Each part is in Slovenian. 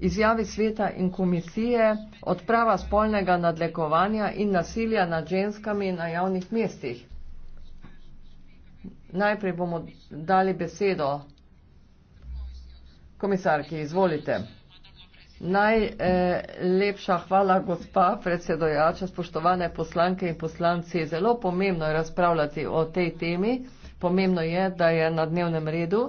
izjavi sveta in komisije odprava spolnega nadlegovanja in nasilja nad ženskami na javnih mestih. Najprej bomo dali besedo komisarki, izvolite. Najlepša eh, hvala, gospa predsedojača, spoštovane poslanke in poslanci. Zelo pomembno je razpravljati o tej temi. Pomembno je, da je na dnevnem redu.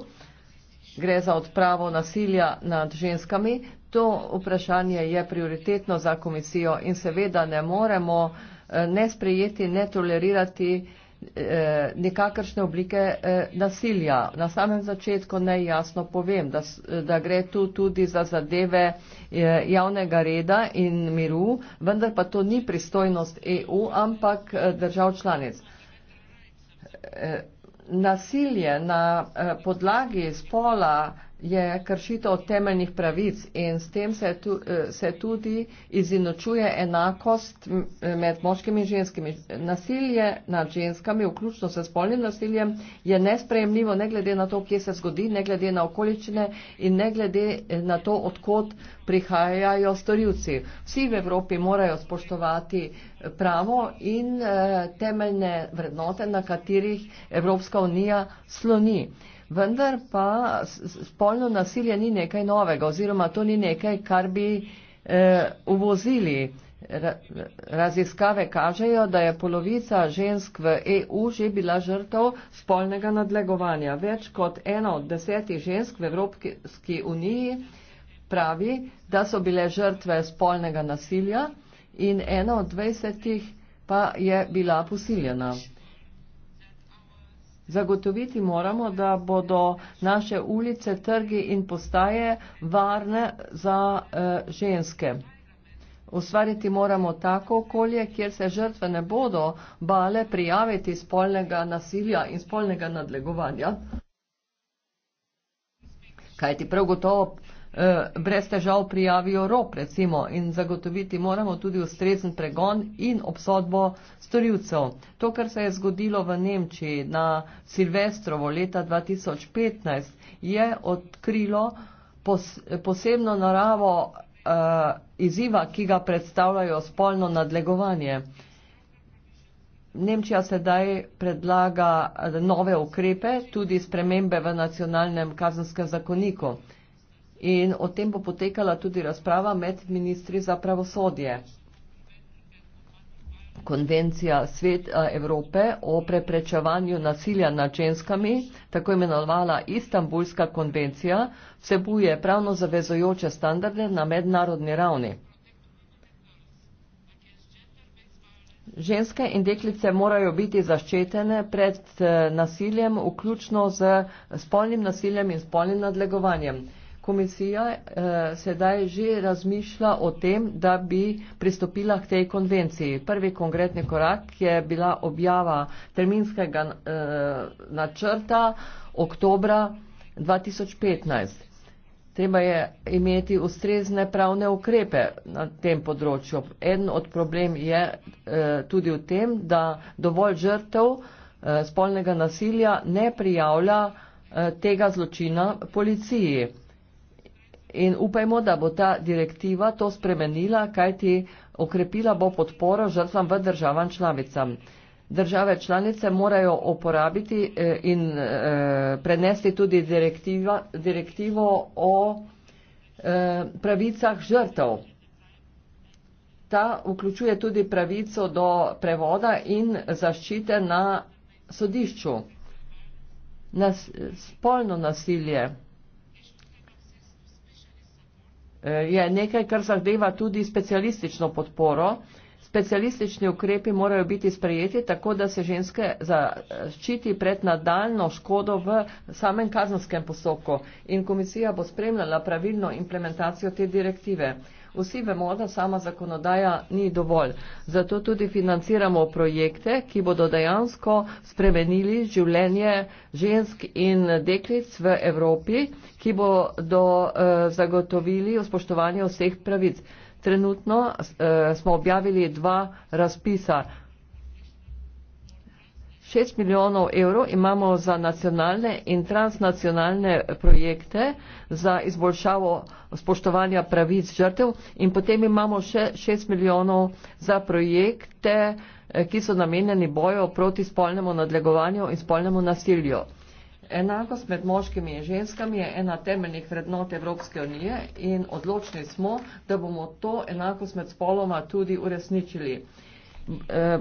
Gre za odpravo nasilja nad ženskami. To vprašanje je prioritetno za komisijo in seveda ne moremo eh, ne sprejeti, ne tolerirati eh, nekakršne oblike eh, nasilja. Na samem začetku naj jasno povem, da, da gre tu tudi za zadeve javnega reda in miru, vendar pa to ni pristojnost EU, ampak držav članic. Nasilje na podlagi spola je kršitev temeljnih pravic in s tem se, tu, eh, se tudi izinočuje enakost eh, med moškimi in ženskimi. Nasilje nad ženskami, vključno s spolnim nasiljem, je nespremljivo ne glede na to, kje se zgodi, ne glede na okoličine in ne glede eh, na to, odkot prihajajo storilci. Vsi v Evropi morajo spoštovati pravo in eh, temeljne vrednote, na katerih Evropska unija sloni. Eh, Vendar pa spolno nasilje ni nekaj novega oziroma to ni nekaj, kar bi eh, uvozili. Raziskave kažejo, da je polovica žensk v EU že bila žrtov spolnega nadlegovanja. Več kot ena od desetih žensk v Evropski uniji pravi, da so bile žrtve spolnega nasilja in ena od dvajsetih pa je bila posiljena. Zagotoviti moramo, da bodo naše ulice, trgi in postaje varne za eh, ženske. Ustvariti moramo tako okolje, kjer se žrtve ne bodo bale prijaviti spolnega nasilja in spolnega nadlegovanja. Kajti prav gotovo Eh, brez težav prijavijo rop, recimo, in zagotoviti moramo tudi ustrezen pregon in obsodbo storilcev. To, kar se je zgodilo v Nemčiji na Silvestrovo leta 2015, je odkrilo pos posebno naravo uh, izziva, ki ga predstavljajo spolno nadlegovanje. Nemčija sedaj predlaga eh, nove ukrepe, tudi spremembe v nacionalnem kazenskem zakoniku in o tem bo potekala tudi razprava med ministri za pravosodje. Konvencija Svet eh, Evrope o preprečevanju nasilja nad ženskami, tako imenovala Istanbulska konvencija, vsebuje pravno zavezojoče standarde na mednarodni ravni. Ženske in deklice morajo biti zaščitene pred eh, nasiljem, vključno z spolnim nasiljem in spolnim nadlegovanjem komisija eh, sedaj že razmišlja o tem, da bi pristopila k tej konvenciji. Prvi konkretni korak je bila objava terminskega eh, načrta oktobra 2015. Treba je imeti ustrezne pravne ukrepe na tem področju. Eden od problem je eh, tudi v tem, da dovolj žrtev eh, spolnega nasilja ne prijavlja eh, tega zločina policiji. In upajmo, da bo ta direktiva to spremenila, kajti okrepila bo podporo žrtvam v državam članicam. Države članice morajo uporabiti eh, in eh, prenesti tudi direktivo o eh, pravicah žrtev. Ta vključuje tudi pravico do prevoda in zaščite na sodišču. Nas, spolno nasilje. je nekaj, kar zahteva tudi specialistično podporo. Specialistični ukrepi morajo biti sprejeti tako, da se ženske zaščiti pred nadaljno škodo v samem kazenskem postopku in komisija bo spremljala pravilno implementacijo te direktive. Vsi vemo, da sama zakonodaja ni dovolj. Zato tudi financiramo projekte, ki bodo dejansko spremenili življenje žensk in deklic v Evropi, ki bodo eh, zagotovili spoštovanje vseh pravic. Trenutno eh, smo objavili dva razpisa. 6 milijonov evrov imamo za nacionalne in transnacionalne projekte za izboljšavo spoštovanja pravic žrtev in potem imamo še 6 milijonov za projekte, eh, ki so namenjeni bojo proti spolnemu nadlegovanju in spolnemu nasilju. Enakost med moškimi in ženskami je ena temeljnih vrednot Evropske unije in odločni smo, da bomo to enakost med spoloma tudi uresničili. E,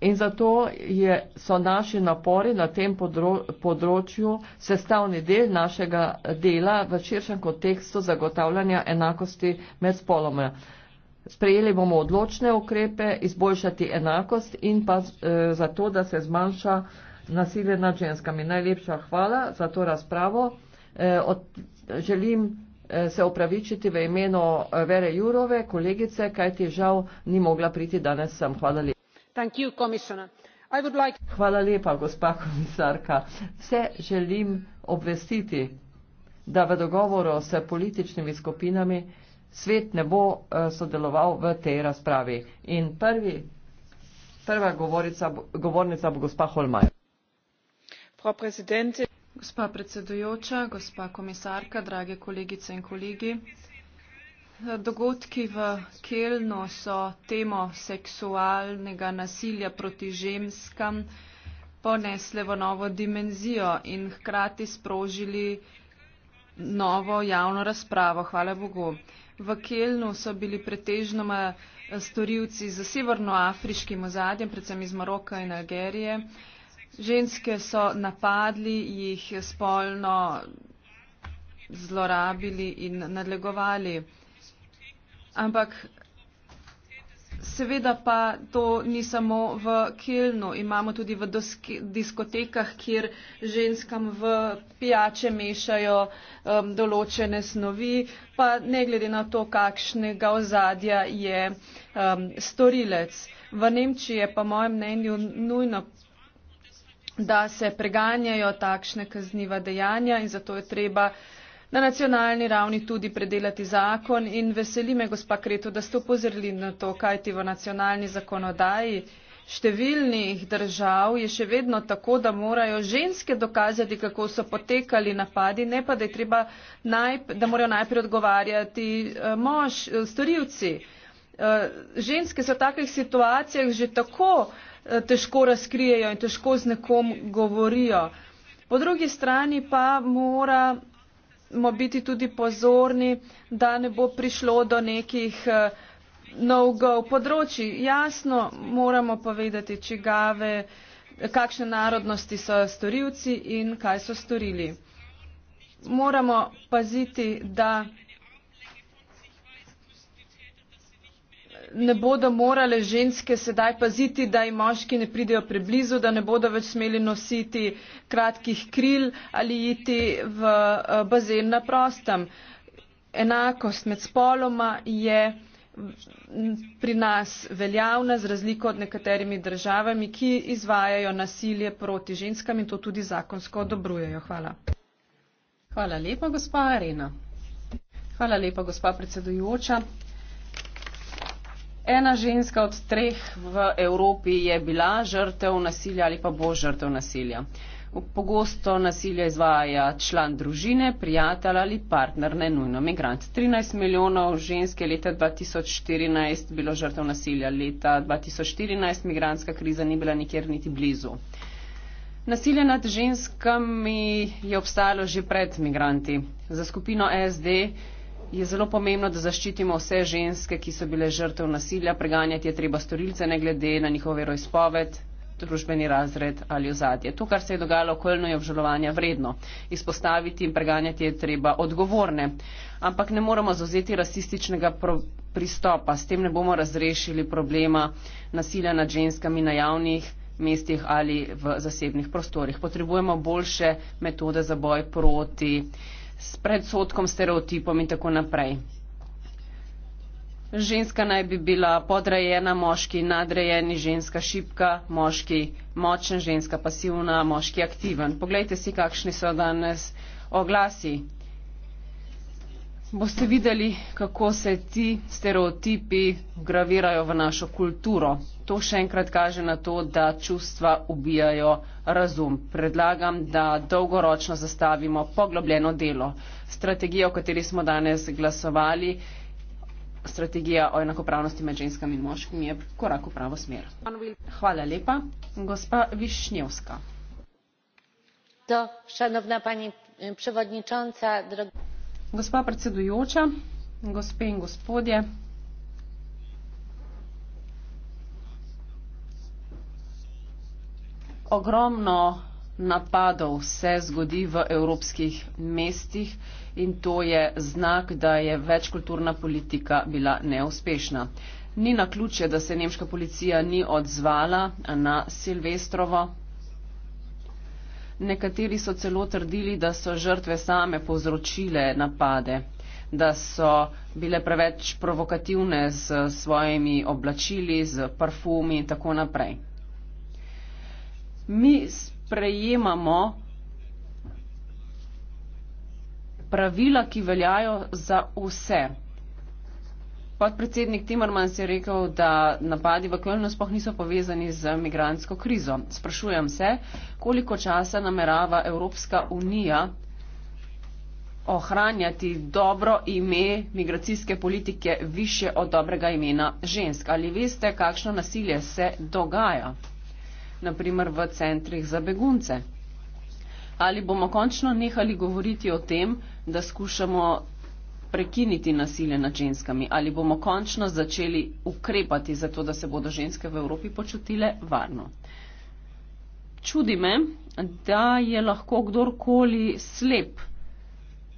In zato je, so naši napori na tem podro, področju sestavni del našega dela v širšem kontekstu zagotavljanja enakosti med spoloma. Sprejeli bomo odločne ukrepe, izboljšati enakost in pa e, eh, zato, da se zmanjša nasilje nad ženskami. Najlepša hvala za to razpravo. E, od, želim eh, se opravičiti v imenu Vere Jurove, kolegice, kaj ti žal ni mogla priti danes sem. Hvala lepa. Hvala lepa, gospa komisarka. Vse želim obvestiti, da v dogovoru s političnimi skupinami svet ne bo eh, sodeloval v tej razpravi. In prvi, prva govorica, govornica bo gospa Holmaj. Gospa predsedujoča, gospa komisarka, drage kolegice in kolegi. Dogodki v Kelnu so temo seksualnega nasilja proti ženskam ponesle v novo dimenzijo in hkrati sprožili novo javno razpravo. Hvala Bogu. V Kelnu so bili pretežnoma eh, storilci z severnoafriškim ozadjem, predvsem iz Maroka in Algerije. Ženske so napadli, jih spolno zlorabili in nadlegovali. Ampak seveda pa to ni samo v Kilnu, imamo tudi v diskotekah, kjer ženskam v pijače mešajo um, določene snovi, pa ne glede na to, kakšnega ozadja je um, storilec. V Nemčiji je pa mojem mnenju nujno da se preganjajo takšne kazniva dejanja in zato je treba na nacionalni ravni tudi predelati zakon in veseli me, gospa Kreto, da ste upozorili na to, kaj ti v nacionalni zakonodaji številnih držav je še vedno tako, da morajo ženske dokazati, kako so potekali napadi, ne pa, da, najp da morajo najprej odgovarjati eh, mož, eh, storilci. Eh, ženske so v takih situacijah že tako težko razkrijejo in težko z nekom govorijo. Po drugi strani pa mora moramo biti tudi pozorni, da ne bo prišlo do nekih eh, no-go področji. Jasno moramo povedati, čigave, kakšne narodnosti so storilci in kaj so storili. Moramo paziti, da ne bodo morale ženske sedaj paziti, da jim moški ne pridejo preblizu, da ne bodo več smeli nositi kratkih kril ali iti v eh, bazen na prostem. Enakost med spoloma je pri nas veljavna z razliko od nekaterimi državami, ki izvajajo nasilje proti ženskam in to tudi zakonsko odobrujejo. Hvala. Hvala lepa, gospa Arena. Hvala lepa, gospa predsedujoča ena ženska od treh v Evropi je bila žrtev nasilja ali pa bo žrtev nasilja. Pogosto nasilje izvaja član družine, prijatelj ali partner, ne nujno migrant. 13 milijonov žensk je leta 2014 bilo žrtev nasilja, leta 2014 migranska kriza ni bila nikjer niti blizu. Nasilje nad ženskami je obstajalo že pred migranti. Za skupino SD je zelo pomembno, da zaščitimo vse ženske, ki so bile žrtev nasilja. Preganjati je treba storilce, ne glede na njihovo veroizpoved, družbeni razred ali ozadje. To, kar se je dogajalo okoljno, je obžalovanja vredno. Izpostaviti in preganjati je treba odgovorne. Ampak ne moramo zauzeti rasističnega pristopa. S tem ne bomo razrešili problema nasilja nad ženskami na javnih mestih ali v zasebnih prostorih. Potrebujemo boljše metode za boj proti s predsotkom, stereotipom in tako naprej. Ženska naj bi bila podrejena, moški nadrejeni, ženska šipka, moški močen, ženska pasivna, moški aktiven. Poglejte si, kakšni so danes oglasi. Boste videli, kako se ti stereotipi gravirajo v našo kulturo. To še enkrat kaže na to, da čustva ubijajo razum. Predlagam, da dolgoročno zastavimo poglobljeno delo. Strategija, o kateri smo danes glasovali, strategija o enakopravnosti med ženskami in moškimi je korak v pravo smer. Hvala lepa. Gospa Višnjevska. To, šanovna pani eh, predsednica, drago. Gospa predsedujoča, gospe in gospodje. ogromno napadov se zgodi v evropskih mestih in to je znak, da je večkulturna politika bila neuspešna. Ni na ključe, da se nemška policija ni odzvala na Silvestrovo. Nekateri so celo trdili, da so žrtve same povzročile napade, da so bile preveč provokativne z svojimi oblačili, z parfumi in tako naprej mi sprejemamo pravila, ki veljajo za vse. Podpredsednik Timmermans je rekel, da napadi v Kölnu spoh niso povezani z migransko krizo. Sprašujem se, koliko časa namerava Evropska unija ohranjati dobro ime migracijske politike više od dobrega imena žensk. Ali veste, kakšno nasilje se dogaja? naprimer v centrih za begunce. Ali bomo končno nehali govoriti o tem, da skušamo prekiniti nasilje nad ženskami, ali bomo končno začeli ukrepati za to, da se bodo ženske v Evropi počutile varno. Čudi me, da je lahko kdorkoli slep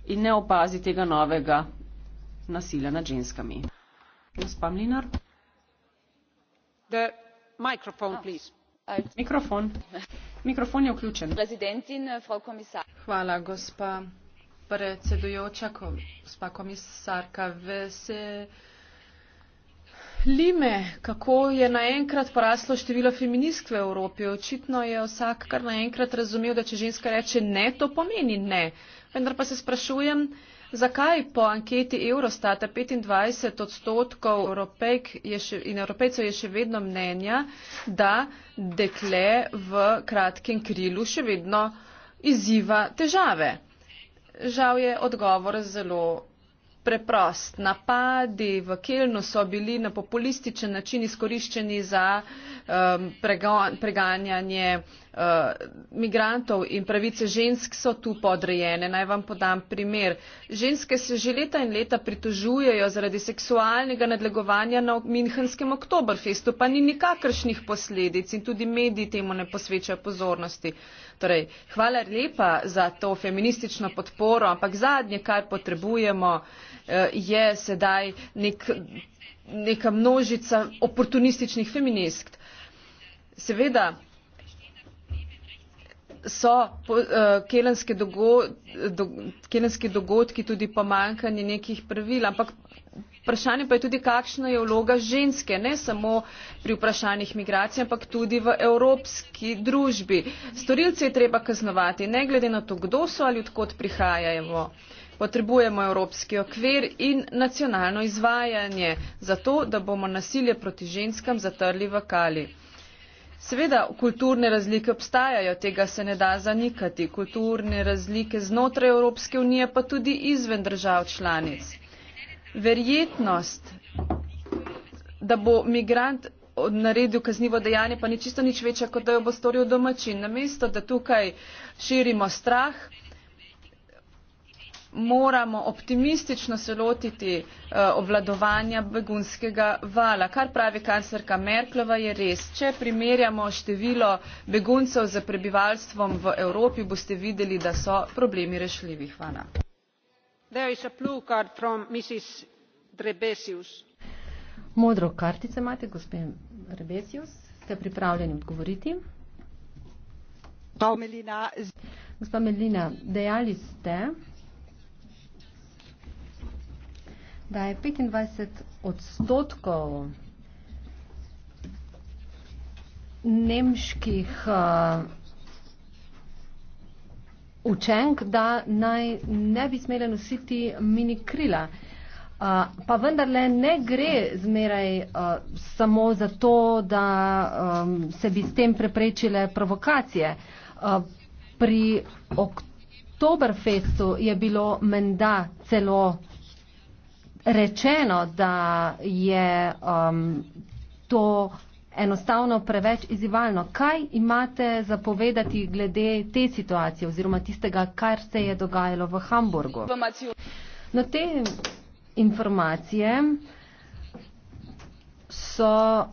in ne opazi tega novega nasilja nad ženskami. Gospa Mlinar. The microphone, please. Eh, gospa predsedujoča gospa komisarka veseli me kako je naenkrat poraslo število feministk v evropi očitno je vsak kar naenkrat razumel da če ženska reče ne to pomeni ne vendar pa se sprašujem Zakaj po anketi Eurostata 25 odstotkov Evropejk in Evropejcev je še vedno mnenja, da dekle v kratkem krilu še vedno izziva težave? Žal je odgovor zelo preprost. Napadi v Kelnu so bili na populističen način izkoriščeni za um, pregon, preganjanje uh, migrantov in pravice žensk so tu podrejene. Naj vam podam primer. Ženske se že leta in leta pritožujejo zaradi seksualnega nadlegovanja na Minhenskem oktoberfestu, pa ni nikakršnih posledic in tudi mediji temu ne posvečajo pozornosti. Torej, hvala lepa za to feministično podporo, ampak zadnje, kar potrebujemo, eh, je sedaj nek, neka množica oportunističnih feminist. Seveda so eh, kelenski dogod, do, dogodki tudi pomankanje nekih pravil, ampak vprašanje pa je tudi kakšna je vloga ženske ne samo pri vprašanjih migracij ampak tudi v evropski družbi. storilce je treba kaznovati ne glede na to kdo so ali odkot prihajajo. potrebujemo evropski okvir in nacionalno izvajanje zato da bomo nasilje proti ženskam zatrli v kali. Seveda, kulturne razlike obstajajo, tega se ne da zanikati, kulturne razlike znotraj Evropske unije pa tudi izven držav članic verjetnost, da bo migrant naredil kaznivo dejanje, pa ni čisto nič večja, kot da jo bo storil domačin. Namesto, da tukaj širimo strah, moramo optimistično se lotiti uh, obvladovanja begunskega vala. Kar pravi kanclerka Merklova je res. Če primerjamo število beguncev z prebivalstvom v Evropi, boste videli, da so problemi rešljivi. Hvala modro kartico imate gospe rebesius ste pripravljeni odgovoriti gospa melina dejali ste da je petindvajset odstotkov nemških učenk, da naj ne bi smele nositi mini krila. Uh, pa vendarle ne gre zmeraj uh, samo za to, da um, se bi s tem preprečile provokacije. Uh, pri Oktoberfestu je bilo menda celo rečeno, da je um, to enostavno preveč izivalno. Kaj imate za povedati glede te situacije oziroma tistega, kar se je dogajalo v Hamburgu? Na te informacije so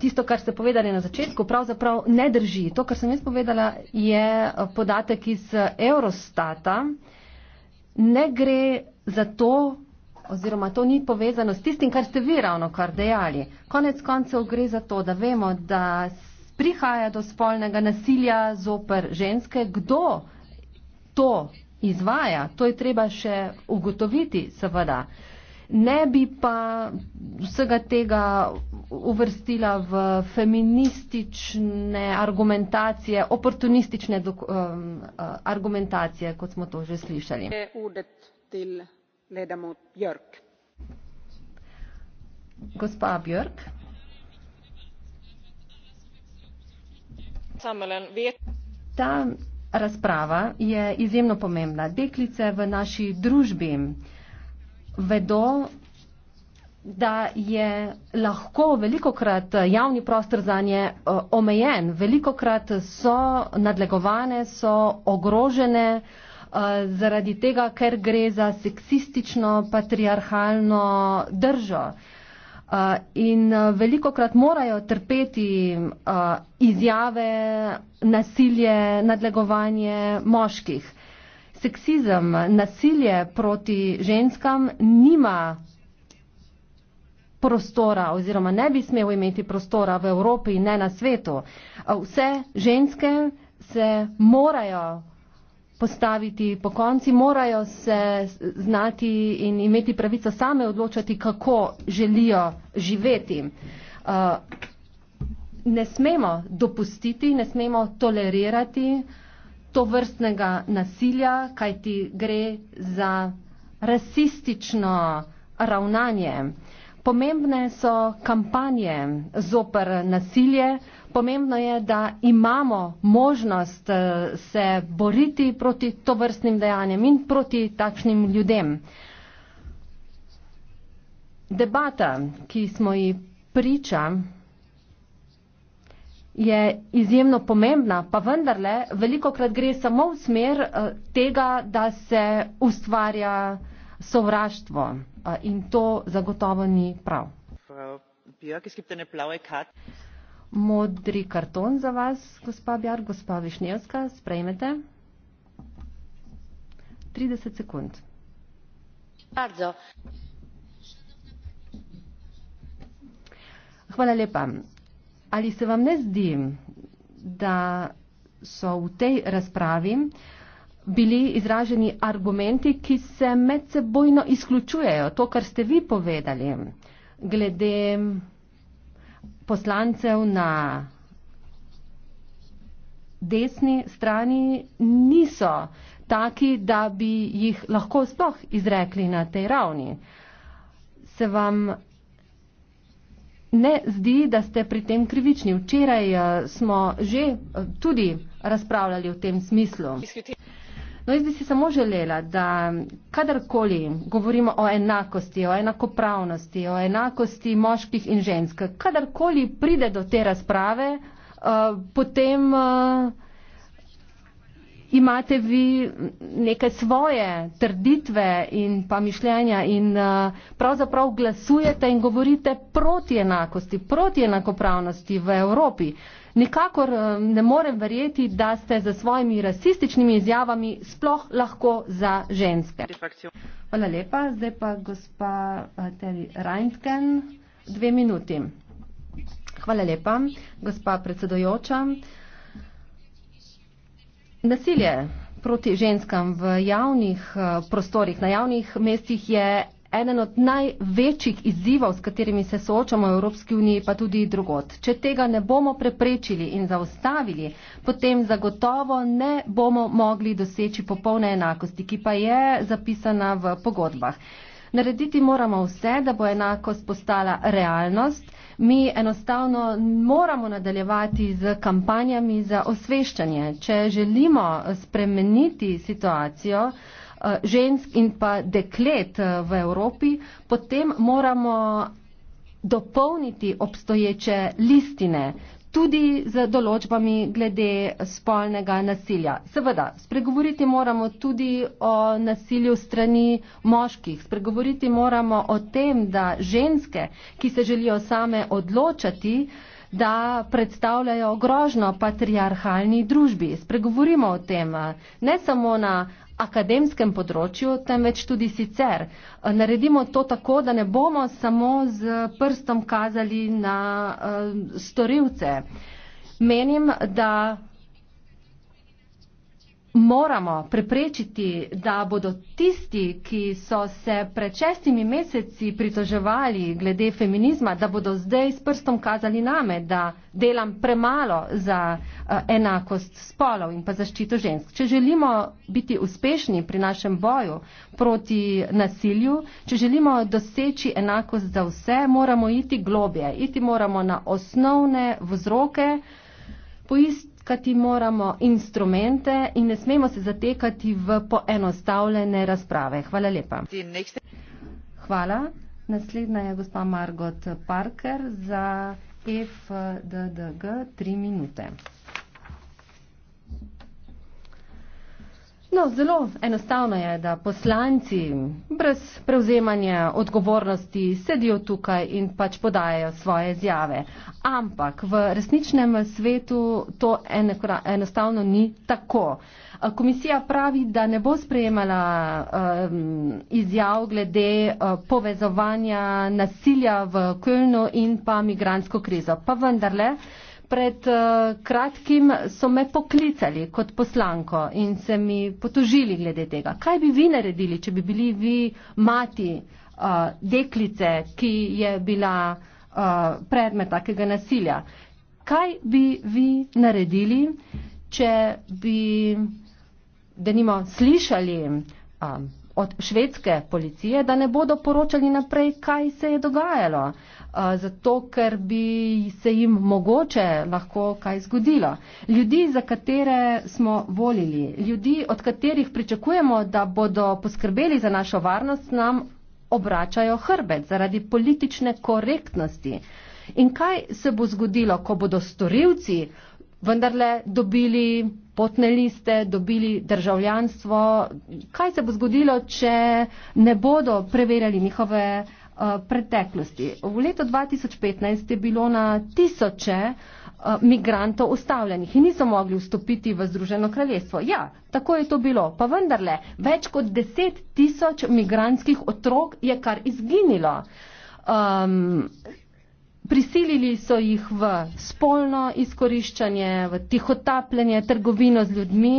tisto, kar ste povedali na začetku, pravzaprav ne drži. To, kar sem jaz povedala, je podatek iz Eurostata. Ne gre za to, oziroma to ni povezano s tistim, kar ste vi ravno kar dejali. Konec koncev gre za to, da vemo, da prihaja do spolnega nasilja zoper ženske. Kdo to izvaja, to je treba še ugotoviti, seveda. Ne bi pa vsega tega uvrstila v feministične argumentacije, oportunistične um, uh, argumentacije, kot smo to že slišali. Ta razprava je izjemno pomembna. Deklice v naši družbi vedo, da je lahko veliko krat javni prostor za nje eh, omejen, veliko krat so nadlegovane, so ogrožene, Eh, zaradi tega, ker gre za seksistično, patriarhalno držo. Uh, in eh, veliko krat morajo trpeti uh, izjave, nasilje, nadlegovanje moških. Seksizem, nasilje proti ženskam nima prostora oziroma ne bi smel imeti prostora v Evropi in ne na svetu. Vse ženske se morajo postaviti po konci, morajo se znati in imeti pravico same odločati, kako želijo živeti. Uh, ne smemo dopustiti, ne smemo tolerirati to vrstnega nasilja, kaj ti gre za rasistično ravnanje. Pomembne so kampanje zoper nasilje, Pomembno je, da imamo možnost eh, se boriti proti to vrstnim dejanjem in proti takšnim ljudem. Debata, ki smo ji priča, je izjemno pomembna, pa vendarle veliko krat gre samo v smer eh, tega, da se ustvarja sovraštvo eh, in to zagotovo ni prav. Frau Björk, es gibt eine blaue Karte modri karton za vas, gospa Bjar, gospa Višnjevska, sprejmete. 30 sekund. Bardzo. Hvala lepa. Ali se vam ne zdi, da so v tej razpravi bili izraženi argumenti, ki se medsebojno izključujejo. To, kar ste vi povedali, glede poslancev na desni strani niso taki, da bi jih lahko sploh izrekli na tej ravni. Se vam ne zdi, da ste pri tem krivični? Včeraj eh, smo že eh, tudi razpravljali v tem smislu. Izkriti. No, jaz bi si samo želela, da kadarkoli govorimo o enakosti, o enakopravnosti, o enakosti moških in žensk, kadarkoli pride do te razprave, uh, potem uh, imate vi neke svoje trditve in pa mišljenja in uh, pravzaprav glasujete in govorite proti enakosti, proti enakopravnosti v Evropi. Uh, Nikakor eh, ne morem verjeti, da ste za svojimi rasističnimi izjavami sploh lahko za ženske. Hvala lepa. Zdaj pa gospa eh, Teri Reintgen, dve minuti. Hvala lepa, gospa predsedojoča. Nasilje proti ženskam v javnih eh, prostorih, na javnih mestih je eden od največjih izzivov, s katerimi se soočamo v Evropski uniji, pa tudi drugot. Če tega ne bomo preprečili in zaustavili, potem zagotovo ne bomo mogli doseči popolne enakosti, ki pa je zapisana v pogodbah. Narediti moramo vse, da bo enakost postala realnost. Mi enostavno moramo nadaljevati z kampanjami za osveščanje. Če želimo spremeniti situacijo, Eh, žensk in pa deklet eh, v Evropi, potem moramo dopolniti obstoječe listine tudi z določbami glede spolnega nasilja. Seveda, spregovoriti moramo tudi o nasilju strani moških, spregovoriti moramo o tem, da ženske, ki se želijo same odločati, da predstavljajo grožno patriarhalni družbi. Spregovorimo o tem eh, ne samo na akademskem področju, temveč tudi sicer. Eh, naredimo to tako, da ne bomo samo z prstom kazali na eh, storilce. Menim, da moramo preprečiti, da bodo tisti, ki so se pred šestimi meseci pritoževali glede feminizma, da bodo zdaj s prstom kazali name, da delam premalo za eh, enakost spolov in pa zaščito žensk. Če želimo biti uspešni pri našem boju proti nasilju, če želimo doseči enakost za vse, moramo iti globje, iti moramo na osnovne vzroke, poist iskati moramo instrumente in ne smemo se zatekati v poenostavljene razprave. Hvala lepa. Hvala. Naslednja je gospa Margot Parker za FDDG 3 minute. No, zelo enostavno je, da poslanci brez prevzemanja odgovornosti sedijo tukaj in pač podajajo svoje izjave. Ampak v resničnem svetu to enostavno ni tako. Komisija pravi, da ne bo sprejemala um, izjav glede uh, povezovanja nasilja v Kölnu in pa migransko krizo. Pa vendarle pred uh, kratkim so me poklicali kot poslanko in se mi potožili glede tega. Kaj bi vi naredili, če bi bili vi mati uh, deklice, ki je bila uh, predmet takega nasilja? Kaj bi vi naredili, če bi, da nimo, slišali uh, od švedske policije, da ne bodo poročali naprej, kaj se je dogajalo? Uh, Eh, zato ker bi se jim mogoče lahko kaj zgodilo. Ljudi, za katere smo volili, ljudi, od katerih pričakujemo, da bodo poskrbeli za našo varnost, nam obračajo hrbet zaradi politične korektnosti. In kaj se bo zgodilo, ko bodo storilci vendarle dobili potne liste, dobili državljanstvo? Kaj se bo zgodilo, če ne bodo preverjali njihove Eh, preteklosti. V letu 2015 je bilo na tisoče eh, migrantov ustavljenih in niso mogli vstopiti v Združeno kraljestvo. Ja, tako je to bilo, pa vendarle več kot deset tisoč migrantskih otrok je kar izginilo. Um, prisilili so jih v spolno izkoriščanje, v tihotapljanje, trgovino z ljudmi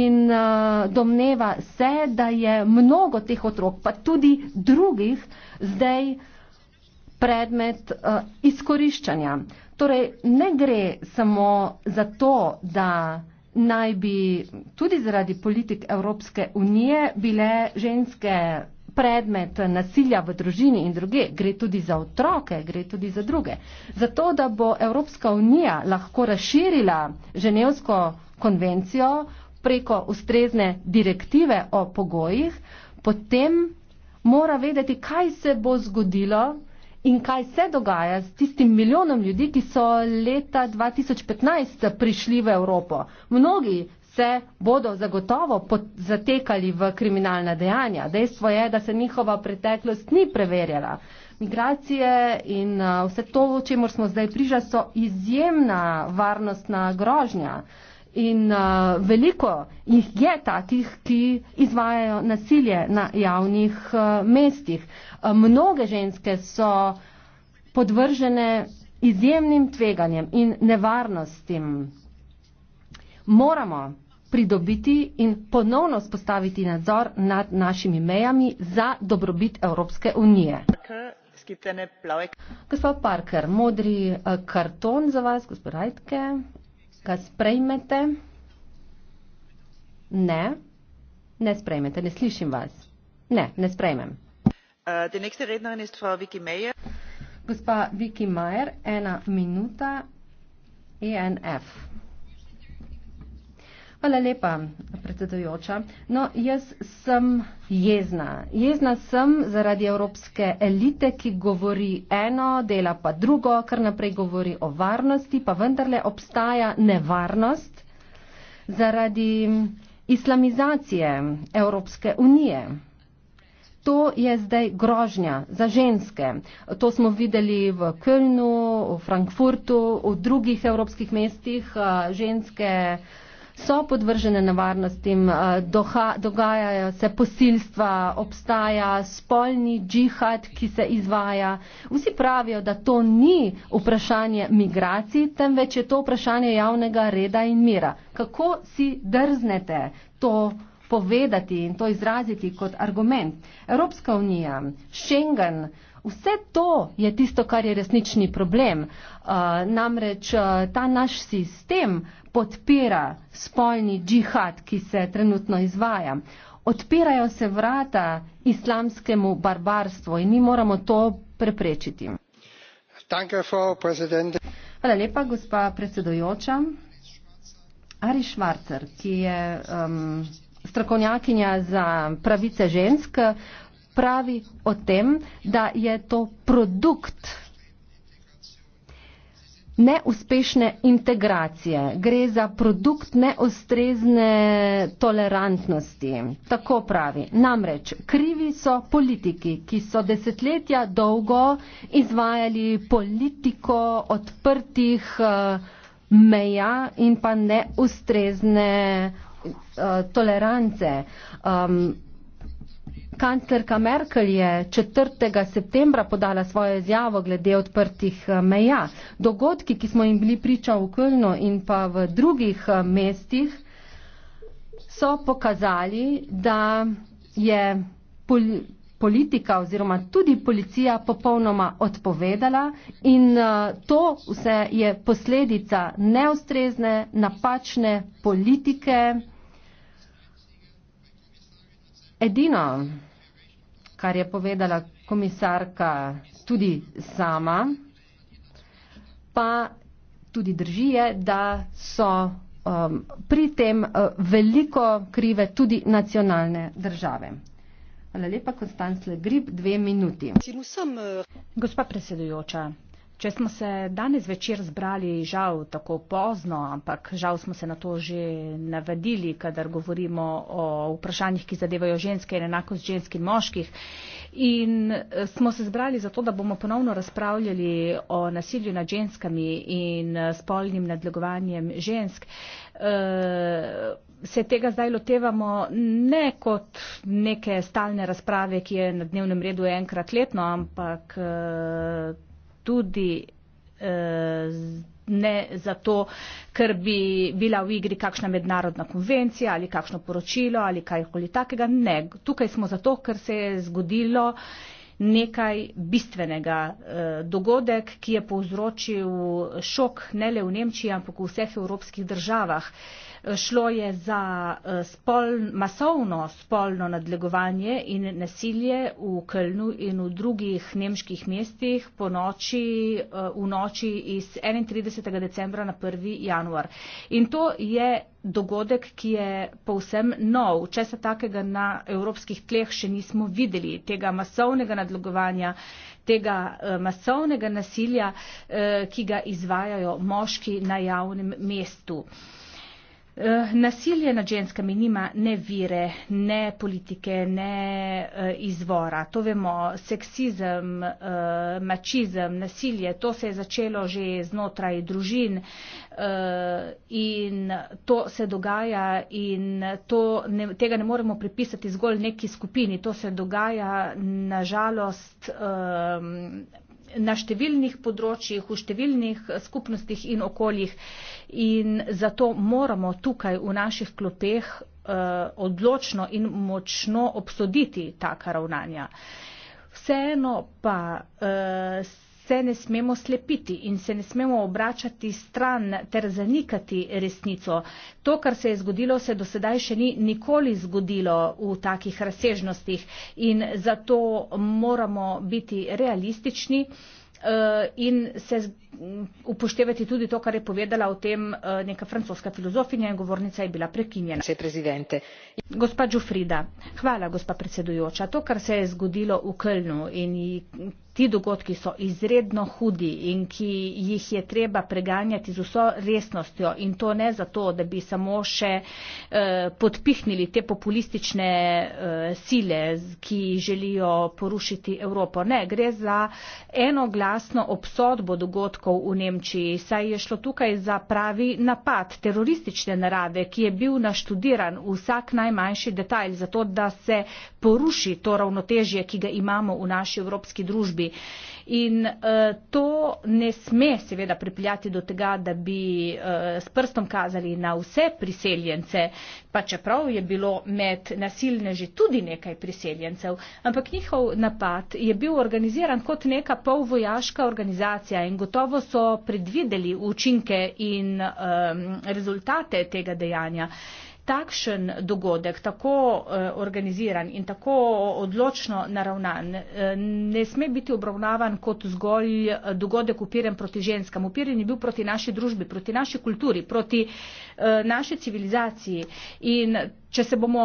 in uh, domneva se, da je mnogo teh otrok, pa tudi drugih, zdaj predmet uh, izkoriščanja. Torej, ne gre samo za to, da naj bi tudi zaradi politik Evropske unije bile ženske predmet nasilja v družini in druge, gre tudi za otroke, gre tudi za druge. Zato, da bo Evropska unija lahko razširila Ženevsko konvencijo preko ustrezne direktive o pogojih, potem mora vedeti, kaj se bo zgodilo in kaj se dogaja s tistim milijonom ljudi, ki so leta 2015 prišli v Evropo. Mnogi se bodo zagotovo zatekali v kriminalna dejanja. Dejstvo je, da se njihova preteklost ni preverjala. Migracije in vse to, o čemer smo zdaj priža, so izjemna varnostna grožnja. In uh, veliko jih je takih, ki izvajajo nasilje na javnih uh, mestih. Uh, mnoge ženske so podvržene izjemnim tveganjem in nevarnostim. Moramo pridobiti in ponovno spostaviti nadzor nad našimi mejami za dobrobit Evropske unije. Gospod Parker, modri eh, karton za vas, gospod Rajtke, ga sprejmete? Ne, ne sprejmete, ne slišim vas. Ne, ne sprejmem. Gospa Viki Majer, ena minuta, ENF. Hvala lepa, predsedujoča. No, jaz sem jezna. Jezna sem zaradi evropske elite, ki govori eno, dela pa drugo, kar naprej govori o varnosti, pa vendarle obstaja nevarnost zaradi islamizacije Evropske unije. To je zdaj grožnja za ženske. To smo videli v Kölnu, v Frankfurtu, v drugih evropskih mestih. Ženske uh, so podvržene nevarnostim, eh, dogajajo se posilstva, obstaja spolni džihad, ki se izvaja. Vsi pravijo, da to ni vprašanje migracij, temveč je to vprašanje javnega reda in mira. Kako si drznete to povedati in to izraziti kot argument? Evropska unija, Schengen. Vse to je tisto, kar je resnični problem. Uh, namreč uh, ta naš sistem podpira spolni džihad, ki se trenutno izvaja. Odpirajo se vrata islamskemu barbarstvu in mi moramo to preprečiti. Hvala lepa, gospa predsedojoča. Ari Švarcer, ki je um, strokovnjakinja za pravice žensk, pravi o tem, da je to produkt neuspešne integracije, gre za produkt neostrezne tolerantnosti. Tako pravi. Namreč, krivi so politiki, ki so desetletja dolgo izvajali politiko odprtih eh, meja in pa neustrezne uh, tolerance. Um, Kanclerka Merkel je 4. septembra podala svojo izjavo glede odprtih eh, meja. Dogodki, ki smo jim bili priča v Kölnu in pa v drugih eh, mestih, so pokazali, da je pol politika oziroma tudi policija popolnoma odpovedala in eh, to vse je posledica neustrezne, napačne politike. Edino, kar je povedala komisarka tudi sama, pa tudi drži je, da so um, pri tem uh, veliko krive tudi nacionalne države. Hvala lepa, Konstantin Grib, dve minuti. Uh, Gospa predsedujoča, Če smo se danes večer zbrali, žal tako pozno, ampak žal smo se na to že navadili, kadar govorimo o vprašanjih, ki zadevajo ženske in enakost žensk in moških. In eh, smo se zbrali zato, da bomo ponovno razpravljali o nasilju nad ženskami in eh, spolnim nadlegovanjem žensk. Eh, se tega zdaj lotevamo ne kot neke stalne razprave, ki je na dnevnem redu enkrat letno, ampak tudi eh, ne zato, ker bi bila v igri kakšna mednarodna konvencija ali kakšno poročilo ali kajkoli takega. Ne, tukaj smo zato, ker se je zgodilo nekaj bistvenega. Eh, dogodek, ki je povzročil šok ne le v Nemčiji, ampak v vseh evropskih državah. Eh, šlo je za eh, spol, masovno spolno nadlegovanje in nasilje v Kölnu in v drugih nemških mestih po noči, eh, v noči iz 31. decembra na 1. januar. In to je dogodek, ki je povsem nov. Česa takega na evropskih tleh še nismo videli, tega masovnega nadlegovanja, tega eh, masovnega nasilja, ki ga izvajajo moški na javnem mestu. Eh, nasilje nad ženskami nima ne vire, ne politike, ne eh, izvora. To vemo, seksizem, eh, mačizem, nasilje, to se je začelo že znotraj družin in to se dogaja in to ne, tega ne moremo pripisati zgolj neki skupini. To se dogaja na žalost na številnih področjih, v številnih eh, skupnostih in okoljih. In zato moramo tukaj v naših klopeh eh, odločno in močno obsoditi taka ravnanja. Vseeno pa eh, se ne smemo slepiti in se ne smemo obračati stran ter zanikati resnico. To, kar se je zgodilo, se do sedaj še ni nikoli zgodilo v takih razsežnostih in zato moramo biti realistični eh, in se mm, upoštevati tudi to, kar je povedala o tem eh, neka francoska filozofinja in govornica je bila prekinjena. Gospa Džufrida, hvala, gospa predsedujoča. To, kar se je zgodilo v Kölnu in ti dogodki so izredno hudi in ki jih je treba preganjati z vso resnostjo in to ne zato, da bi samo še eh, podpihnili te populistične eh, sile, ki želijo porušiti Evropo. Ne, gre za enoglasno obsodbo dogodkov v Nemčiji, saj je šlo tukaj za pravi napad teroristične narave, ki je bil naštudiran vsak najmanjši detalj, zato da se poruši to ravnotežje, ki ga imamo v naši evropski družbi. In uh, to ne sme seveda pripeljati do tega, da bi uh, s prstom kazali na vse priseljence, pa čeprav je bilo med nasilneži tudi nekaj priseljencev, ampak njihov napad je bil organiziran kot neka polvojaška organizacija in gotovo so predvideli učinke in um, rezultate tega dejanja. Uh, takšen dogodek, tako eh, organiziran in tako odločno naravnan, eh, ne sme biti obravnavan kot zgolj eh, dogodek upiren proti ženskam. Upiren je bil proti naši družbi, proti naši kulturi, proti naši civilizaciji. In če se bomo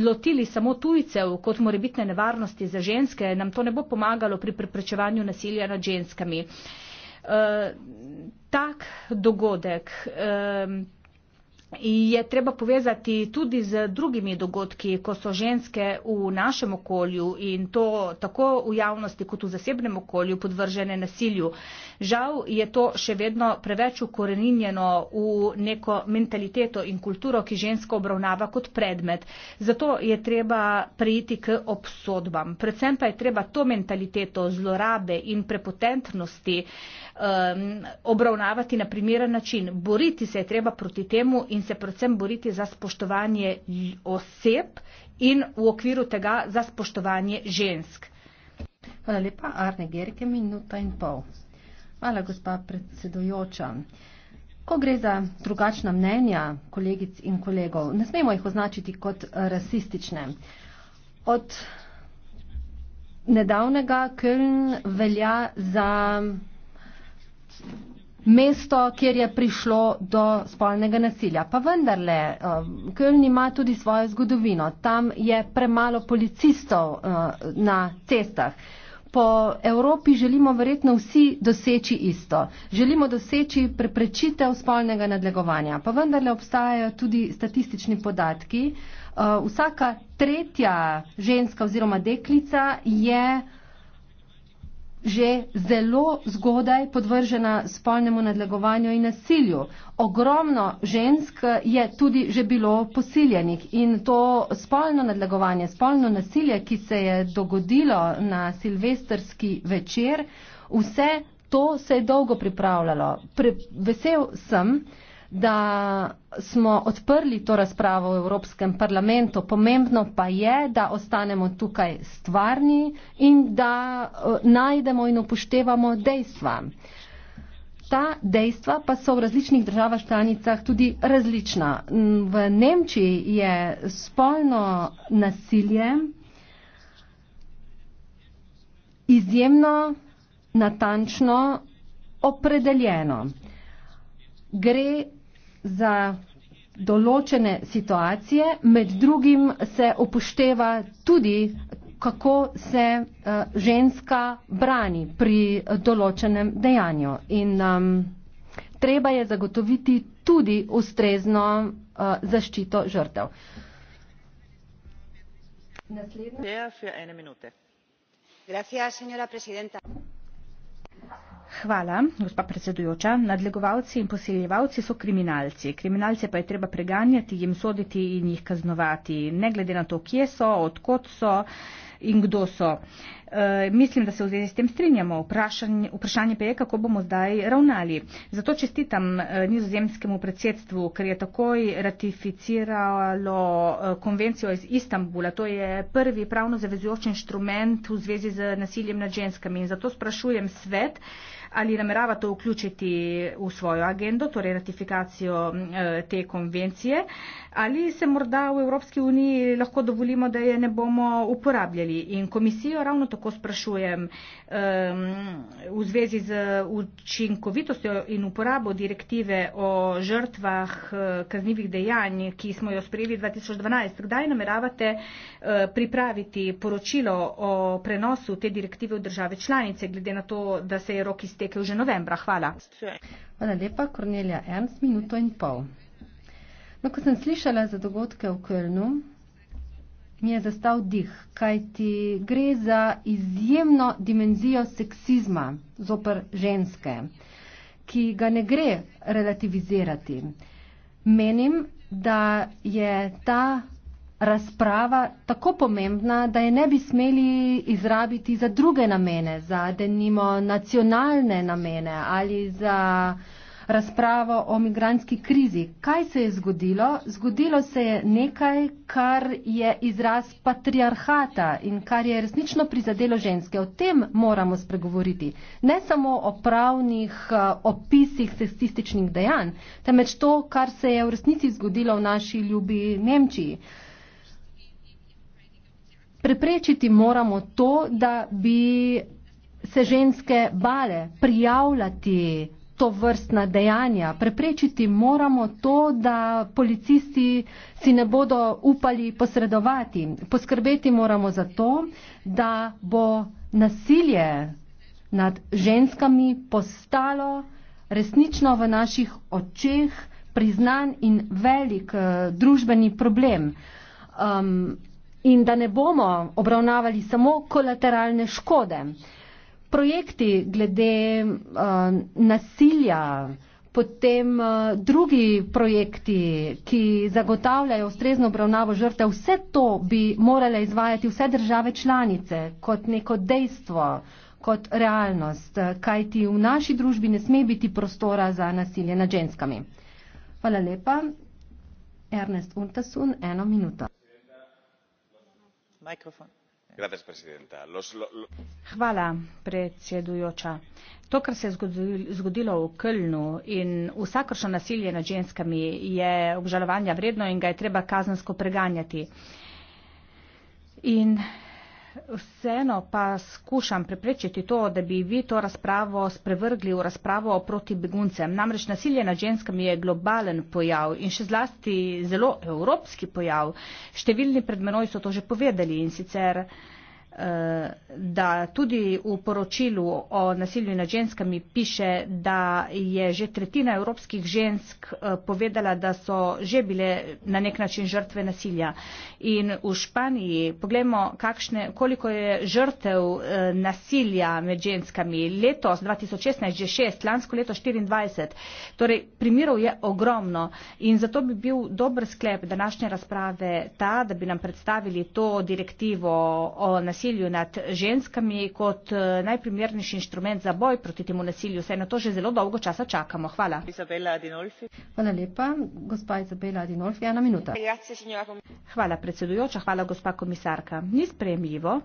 lotili samo tujcev kot morebitne nevarnosti za ženske, nam to ne bo pomagalo pri preprečevanju nasilja nad ženskami. Uh, tak dogodek. Uh, je treba povezati tudi z drugimi dogodki, ko so ženske v našem okolju in to tako v javnosti kot v zasebnem okolju podvržene nasilju. Žal je to še vedno preveč ukoreninjeno v neko mentaliteto in kulturo, ki žensko obravnava kot predmet. Zato je treba prijeti k obsodbam. Predvsem pa je treba to mentaliteto zlorabe in prepotentnosti um, obravnavati na primeren način. Boriti se je treba proti temu in se predvsem boriti za spoštovanje oseb in v okviru tega za spoštovanje žensk. Hvala lepa, Arne Gerke, minuta in pol. Hvala, gospa predsedojoča. Ko gre za drugačna mnenja kolegic in kolegov, ne smemo jih označiti kot rasistične. Od nedavnega Köln velja za mesto, kjer je prišlo do spolnega nasilja. Pa vendarle, um, Köln ima tudi svojo zgodovino. Tam je premalo policistov uh, na cestah. Po Evropi želimo verjetno vsi doseči isto. Želimo doseči preprečitev spolnega nadlegovanja. Pa vendarle obstajajo tudi statistični podatki. Uh, vsaka tretja ženska oziroma deklica je že zelo zgodaj podvržena spolnemu nadlegovanju in nasilju. Ogromno žensk je tudi že bilo posiljenih in to spolno nadlegovanje, spolno nasilje, ki se je dogodilo na silvestrski večer, vse to se je dolgo pripravljalo. Pre vesel sem, da smo odprli to razpravo v Evropskem parlamentu. Pomembno pa je, da ostanemo tukaj stvarni in da eh, najdemo in upoštevamo dejstva. Ta dejstva pa so v različnih državah članicah tudi različna. V Nemčiji je spolno nasilje izjemno natančno opredeljeno. Gre za določene situacije, med drugim se upošteva tudi, kako se uh, ženska brani pri določenem dejanju. In um, treba je zagotoviti tudi ustrezno uh, zaščito žrtev. Naslednja. Ja, Hvala, gospa predsedujoča. Nadlegovalci in poseljevalci so kriminalci. Kriminalce pa je treba preganjati, jim soditi in jih kaznovati, ne glede na to, kje so, odkot so in kdo so. E, mislim, da se v zvezi s tem strinjamo. Vprašanje, vprašanje pa je, kako bomo zdaj ravnali. Zato čestitam e, nizozemskemu predsedstvu, ker je takoj ratificiralo e, konvencijo iz Istanbula. To je prvi pravno zavezujoč inštrument v zvezi z nasiljem nad ženskami. In zato sprašujem svet, ali namerava to vključiti v svojo agendo, torej ratifikacijo eh, te konvencije, ali se morda v Evropski uniji lahko dovolimo, da je ne bomo uporabljali. In komisijo ravno tako sprašujem ehm, v zvezi z učinkovitostjo in uporabo direktive o žrtvah eh, kaznivih dejanj, ki smo jo sprejeli 2012. Kdaj nameravate eh, pripraviti poročilo o prenosu te direktive v države članice, glede na to, da se je rok iz iztekel že novembra. Hvala. Hvala lepa, Kornelija Ernst, minuto in pol. No, ko sem slišala za dogodke v Kölnu, mi je zastav dih, kajti gre za izjemno dimenzijo seksizma zoper ženske, ki ga ne gre relativizirati. Menim, da je ta razprava tako pomembna, da je ne bi smeli izrabiti za druge namene, za denimo nacionalne namene ali za razpravo o migranski krizi. Kaj se je zgodilo? Zgodilo se je nekaj, kar je izraz patriarhata in kar je resnično prizadelo ženske. O tem moramo spregovoriti. Ne samo o pravnih eh, opisih seksističnih dejanj, temveč to, kar se je v resnici zgodilo v naši ljubi Nemčiji preprečiti moramo to, da bi se ženske bale prijavljati to vrstna dejanja. Preprečiti moramo to, da policisti si ne bodo upali posredovati. Poskrbeti moramo za to, da bo nasilje nad ženskami postalo resnično v naših očeh priznan in velik eh, družbeni problem. Um, in da ne bomo obravnavali samo kolateralne škode. Projekti glede uh, nasilja, potem uh, drugi projekti, ki zagotavljajo ustrezno obravnavo žrtve, vse to bi morale izvajati vse države članice kot neko dejstvo, kot realnost, kajti v naši družbi ne sme biti prostora za nasilje nad ženskami. Hvala lepa. Ernest Untasun, eno minuto. Hvala, predsedujoča. To, kar se je zgodilo v Kölnu in vsakršno nasilje nad ženskami je obžalovanja vredno in ga je treba kazansko preganjati. In Vseeno pa skušam preprečiti to, da bi vi to razpravo sprevrgli v razpravo proti beguncem. Namreč nasilje nad ženskami je globalen pojav in še zlasti zelo evropski pojav. Številni pred menoj so to že povedali in sicer da tudi v poročilu o nasilju nad ženskami piše, da je že tretjina evropskih žensk eh, povedala, da so že bile na nek način žrtve nasilja. In v Španiji, poglejmo, kakšne, koliko je žrtev eh, nasilja med ženskami. Letos 2016 že 6, lansko leto 24. Torej, primerov je ogromno in zato bi bil dober sklep današnje razprave ta, da bi nam predstavili to direktivo o nasilju nasilju nad ženskami kot eh, najprimernejši inštrument za boj proti temu nasilju. Vse na to že zelo dolgo časa čakamo. Hvala. Hvala lepa, gospa Izabela Adinolfi, ena minuta. Hvala predsedujoča, hvala gospa komisarka. Ni sprejemljivo,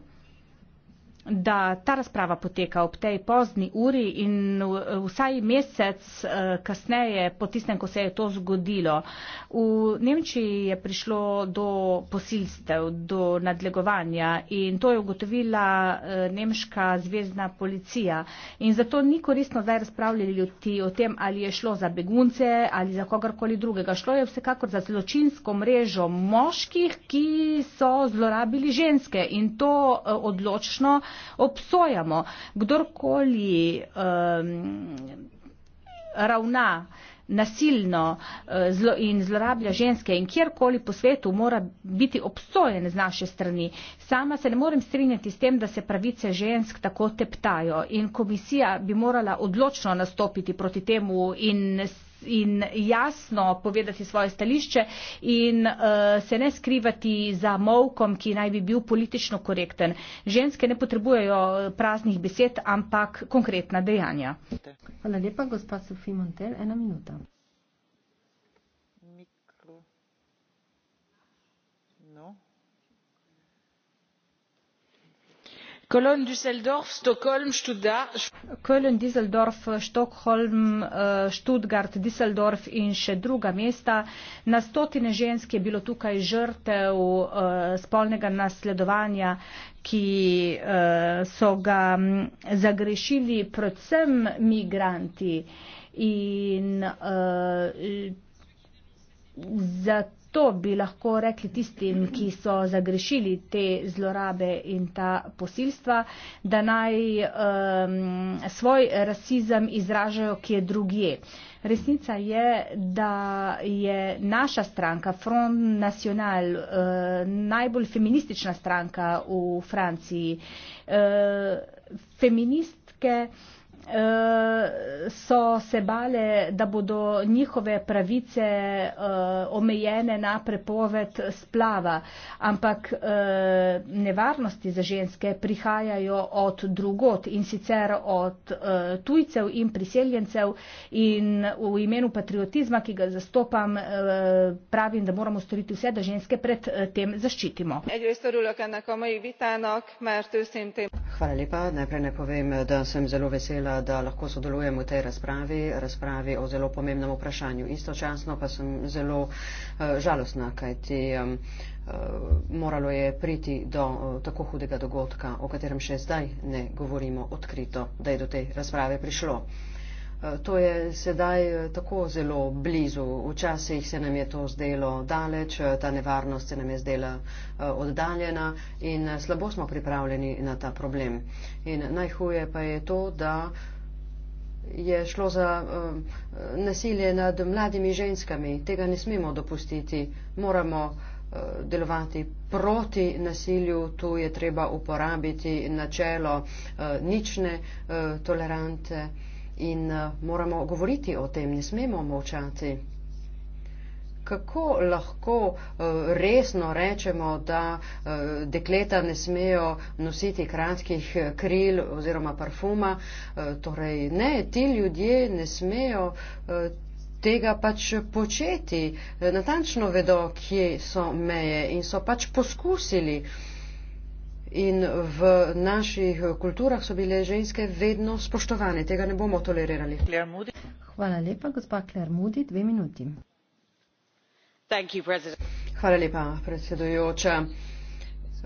da ta razprava poteka ob tej pozni uri in vsaj mesec eh, kasneje, po tistem, ko se je to zgodilo. V Nemčiji je prišlo do posilstev, do nadlegovanja in to je ugotovila eh, nemška zvezdna policija. In zato ni koristno zdaj razpravljati o tem, ali je šlo za begunce ali za kogarkoli drugega. Šlo je vsekakor za zločinsko mrežo moških, ki so zlorabili ženske in to eh, odločno, obsojamo. Kdorkoli um, ravna nasilno e, in zlorablja ženske in kjerkoli po svetu mora biti obsojen z naše strani. Sama se ne morem strinjati s tem, da se pravice žensk tako teptajo in komisija bi morala odločno nastopiti proti temu in in jasno povedati svoje stališče in uh, se ne skrivati za molkom, ki naj bi bil politično korekten. Ženske ne potrebujejo eh, praznih besed, ampak konkretna dejanja. Hvala lepa, gospa Sofija Montel, ena minuta. köln düsseldorf stockholm eh, stuttgart düsseldorf in še druga mesta na stotine žensk je bilo tukaj žrtev eh, spolnega nasledovanja ki eh, so ga mm, zagrešili predvsem migranti in zato to bi lahko rekli tistim, ki so zagrešili te zlorabe in ta posilstva, da naj um, svoj rasizem izražajo kje drugje. Resnica je, da je naša stranka Front National uh, najbolj feministična stranka v Franciji. Uh, feministke uh, Eh, so se bale, da bodo njihove pravice eh, omejene na prepoved splava. Ampak eh, nevarnosti za ženske prihajajo od drugot in sicer od tujcev in priseljencev in v imenu patriotizma, ki ga zastopam, pravim, da moramo storiti vse, da ženske pred tem zaščitimo. Hvala lepa. Najprej ne povem, da sem zelo vesela, da lahko sodelujem v tej razpravi, razpravi o zelo pomembnem vprašanju. Istočasno pa sem zelo eh, žalostna, kajti eh, moralo je priti do eh, tako hudega dogodka, o katerem še zdaj ne govorimo odkrito, da je do te razprave prišlo. Eh, to je sedaj eh, tako zelo blizu. Včasih se nam je to zdelo daleč, eh, ta nevarnost se nam je zdela oddaljena in slabo smo pripravljeni na ta problem. In najhuje pa je to, da je šlo za nasilje nad mladimi ženskami. Tega ne smemo dopustiti. Moramo delovati proti nasilju, tu je treba uporabiti načelo nične tolerante in eh, moramo govoriti o tem, ne smemo molčati. Kako lahko eh, resno rečemo, da eh, dekleta ne smejo nositi kratkih kril oziroma parfuma? Torej, ne, ti ljudje ne smejo tega pač početi. Natančno vedo, kje so meje in so pač poskusili in v naših kulturah so bile ženske vedno spoštovane. Tega ne bomo tolerirali. Hvala lepa, gospa Claire Moody, dve minuti. Hvala lepa, predsedujoča.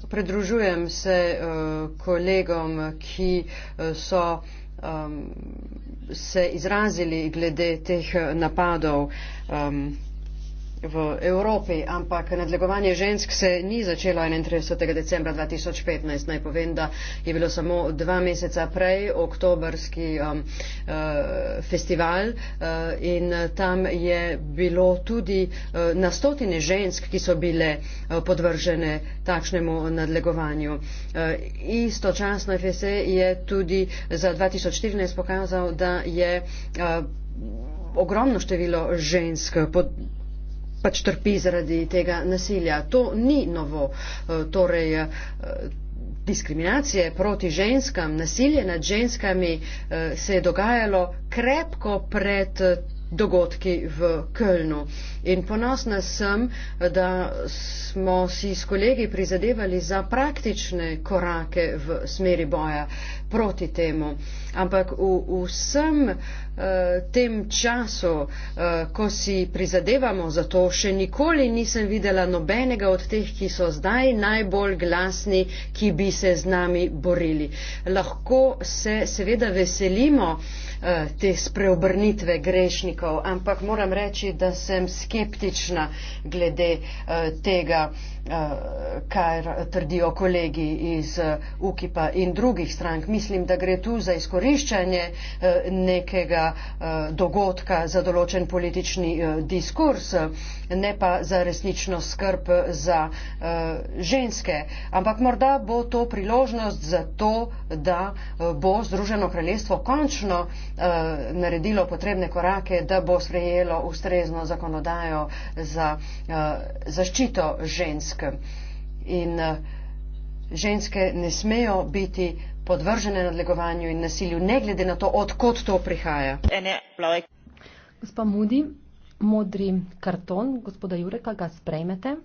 Predružujem se uh, kolegom, ki eh, so um, se izrazili glede teh napadov. Um, v Evropi, ampak nadlegovanje žensk se ni začelo 31. decembra 2015. Naj povem, da je bilo samo dva meseca prej oktobrski um, uh, festival uh, in tam je bilo tudi uh, na stotine žensk, ki so bile uh, podvržene takšnemu nadlegovanju. Uh, istočasno FSE je tudi za 2014 pokazal, da je uh, ogromno število žensk pod pač trpi zaradi tega nasilja. To ni novo. E, torej, e, diskriminacije proti ženskam, nasilje nad ženskami e, se je dogajalo krepko pred dogodki v Kölnu. In ponosna sem, da smo si s kolegi prizadevali za praktične korake v smeri boja proti temu. Ampak v, v vsem uh, tem času, uh, ko si prizadevamo za to, še nikoli nisem videla nobenega od teh, ki so zdaj najbolj glasni, ki bi se z nami borili. Lahko se seveda veselimo uh, te spreobrnitve grešnikov, ampak moram reči, da sem skeptična glede uh, tega. Uh, Eh, kar trdijo kolegi iz eh, UKIP-a in drugih strank. Mislim, da gre tu za izkoriščanje eh, nekega dogodka za določen politični diskurs, ne pa za resnično skrb za ženske. Ampak morda bo to priložnost za to, da bo Združeno kraljestvo končno naredilo potrebne korake, da bo sprejelo ustrezno zakonodajo za zaščito žensk ženskem. In eh, ženske ne smejo biti podvržene nadlegovanju in nasilju, ne glede na to, odkot to prihaja. Gospa Mudi, modri karton, gospoda Jureka, ga sprejmete?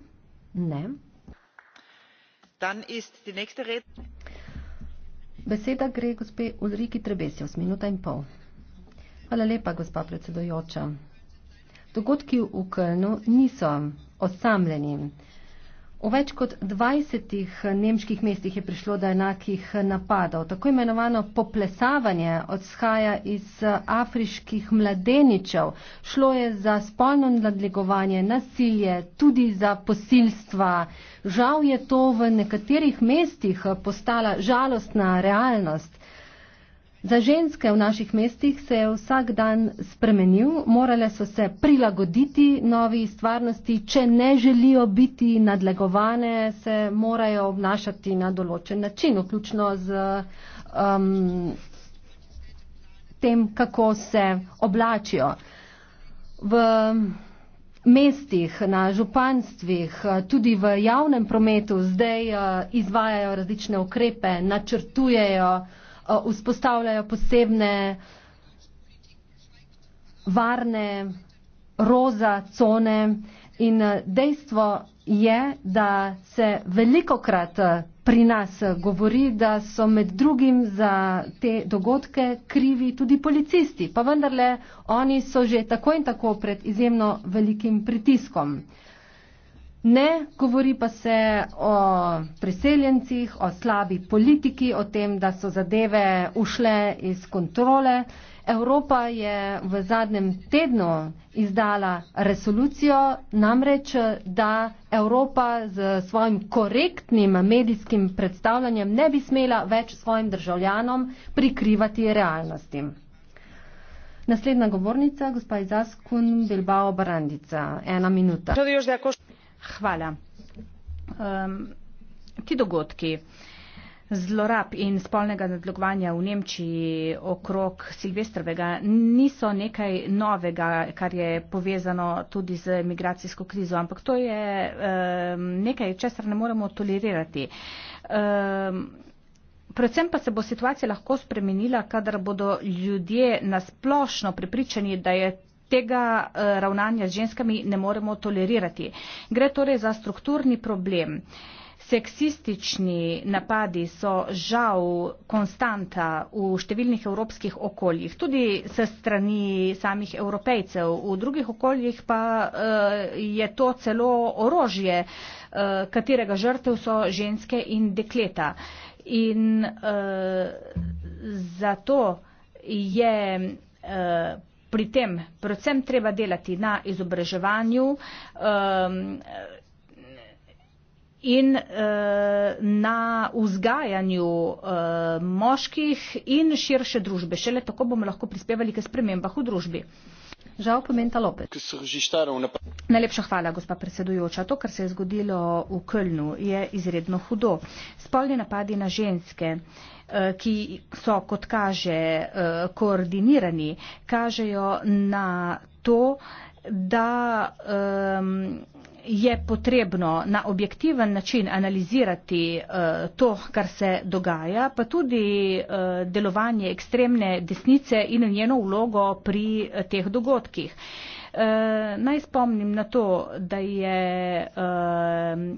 Ne. Beseda gre gospe Ulriki Trebesjo, z minuta in pol. Hvala lepa, gospa predsedojoča. Dogodki v Kölnu niso osamljeni. V več kot 20 eh, nemških mestih je prišlo do enakih eh, napadov. Tako imenovano poplesavanje odhaja iz eh, afriških mladeničev. Šlo je za spolno nadlegovanje, nasilje, tudi za posilstva. Žal je to v nekaterih mestih postala žalostna realnost. Za ženske v naših mestih se je vsak dan spremenil, morale so se prilagoditi novi stvarnosti, če ne želijo biti nadlegovane, se morajo obnašati na določen način, vključno z um, tem, kako se oblačijo. V mestih, na županstvih, tudi v javnem prometu zdaj uh, izvajajo različne ukrepe, načrtujejo, Eh, vzpostavljajo posebne varne roza cone in eh, dejstvo je, da se velikokrat eh, pri nas govori, da so med drugim za te dogodke krivi tudi policisti, pa vendarle oni so že tako in tako pred izjemno velikim pritiskom. Ne, govori pa se o priseljencih, o slabi politiki, o tem, da so zadeve ušle iz kontrole. Evropa je v zadnjem tednu izdala resolucijo, namreč, da Evropa z svojim korektnim medijskim predstavljanjem ne bi smela več svojim državljanom prikrivati realnosti. Naslednja govornica, gospa Izaskun Bilbao Barandica, ena minuta. Hvala. Um, ti dogodki zlorab in spolnega nadlogovanja v Nemčiji okrog Silvestrovega niso nekaj novega, kar je povezano tudi z migracijsko krizo, ampak to je um, nekaj, česar ne moremo tolerirati. Um, Predvsem pa se bo situacija lahko spremenila, kadar bodo ljudje nasplošno prepričani, da je tega eh, ravnanja z ženskami ne moremo tolerirati. Gre torej za strukturni problem. Seksistični napadi so žal konstanta v številnih evropskih okoljih, tudi s strani samih evropejcev. V drugih okoljih pa eh, je to celo orožje, eh, katerega žrtev so ženske in dekleta. In zato je pri tem predvsem treba delati na izobraževanju um, in uh, na vzgajanju uh, moških in širše družbe. Šele tako bomo lahko prispevali k spremembah v družbi. Žal pomenta lopet. Najlepša hvala, gospa predsedujoča. To, kar se je zgodilo v Kölnu, je izredno hudo. Spolni napadi na ženske, eh, ki so, kot kaže, eh, koordinirani, kažejo na to, da. Um, je potrebno na objektiven način analizirati eh, to, kar se dogaja, pa tudi eh, delovanje ekstremne desnice in njeno vlogo pri eh, teh dogodkih. Naj spomnim na to, da je 3.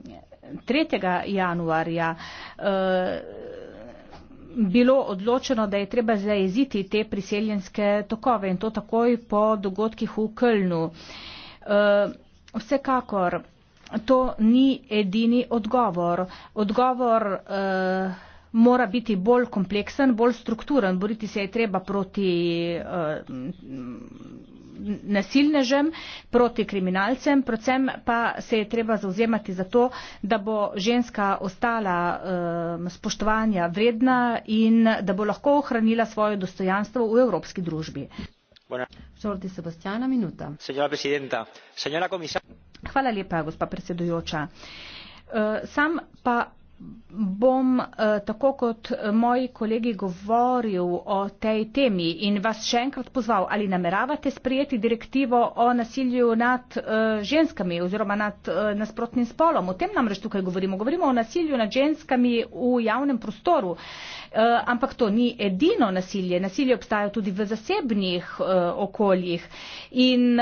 januarja bilo odločeno, da je treba zajeziti te priseljenske tokove in to takoj po dogodkih v Kölnu. Vsekakor to ni edini odgovor. Odgovor uh, mora biti bolj kompleksen, bolj strukturen. Boriti se je treba proti uh, nasilnežem, proti kriminalcem, predvsem pa se je treba zauzemati za to, da bo ženska ostala uh, spoštovanja vredna in da bo lahko ohranila svoje dostojanstvo v evropski družbi hvala lepa gospa predsedujoča eh, sam pa podpiram to resolucijo ker je resolucija bom eh, tako kot eh, moji kolegi govoril o tej temi in vas še enkrat pozval, ali nameravate sprijeti direktivo o nasilju nad eh, ženskami oziroma nad nasprotnim spolom. O tem namreč tukaj govorimo. Govorimo o nasilju nad ženskami v javnem prostoru. Ampak to ni edino nasilje. Nasilje obstaja tudi v zasebnih okoljih. In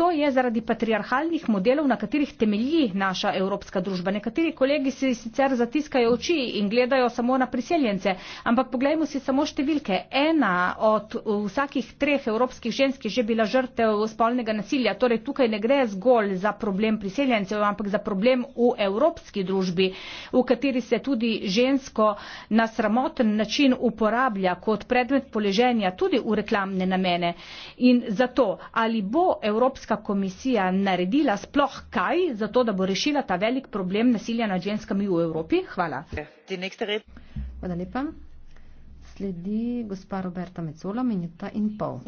to je zaradi patriarhalnih modelov, na katerih temelji naša evropska družba. Nekateri kolegi si sicer zatisnili, zatiskajo oči in gledajo samo na priseljence. Ampak pogledajmo si samo številke. Ena od vsakih treh evropskih žensk je že bila žrtev spolnega nasilja. Torej tukaj ne gre zgolj za problem priseljencev, ampak za problem v evropski družbi, v kateri se tudi žensko na sramoten način uporablja kot predmet poleženja tudi v reklamne namene. In zato, ali bo Evropska komisija naredila sploh kaj, zato da bo rešila ta velik problem nasilja nad ženskami v Evropi? Hvala. Hvala lepa. Sledi gospa Roberta Mecola, minuta in pol.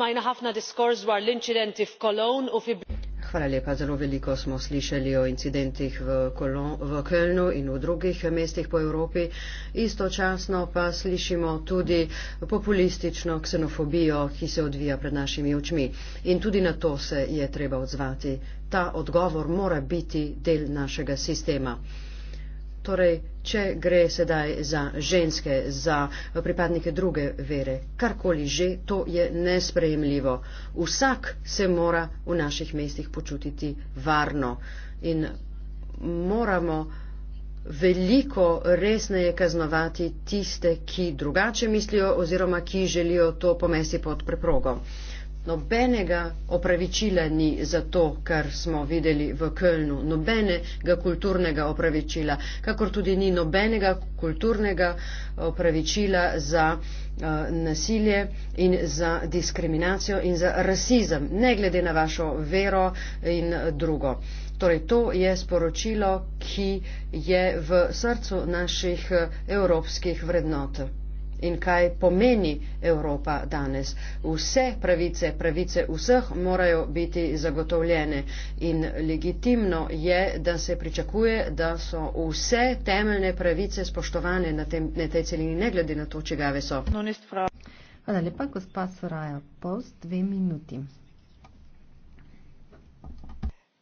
Hvala lepa. Zelo veliko smo slišali o incidentih v, Kolon, v Kölnu in v drugih mestih po Evropi. Istočasno pa slišimo tudi populistično ksenofobijo, ki se odvija pred našimi očmi. In tudi na to se je treba odzvati. Ta odgovor mora biti del našega sistema. Torej, če gre sedaj za ženske, za pripadnike druge vere, karkoli že, to je nesprejemljivo. Vsak se mora v naših mestih počutiti varno in moramo veliko resneje kaznovati tiste, ki drugače mislijo oziroma ki želijo to pomesti pod preprogo nobenega opravičila ni za to, kar smo videli v Kölnu, nobenega kulturnega opravičila, kakor tudi ni nobenega kulturnega opravičila za eh, nasilje in za diskriminacijo in za rasizem, ne glede na vašo vero in drugo. Torej, to je sporočilo, ki je v srcu naših eh, evropskih vrednot in kaj pomeni Evropa danes. Vse pravice, pravice vseh morajo biti zagotovljene in legitimno je, da se pričakuje, da so vse temeljne pravice spoštovane na, tem, na tej celini, ne glede na to, čigave so. Hvala lepa, gospa Soraja. Post dve minuti.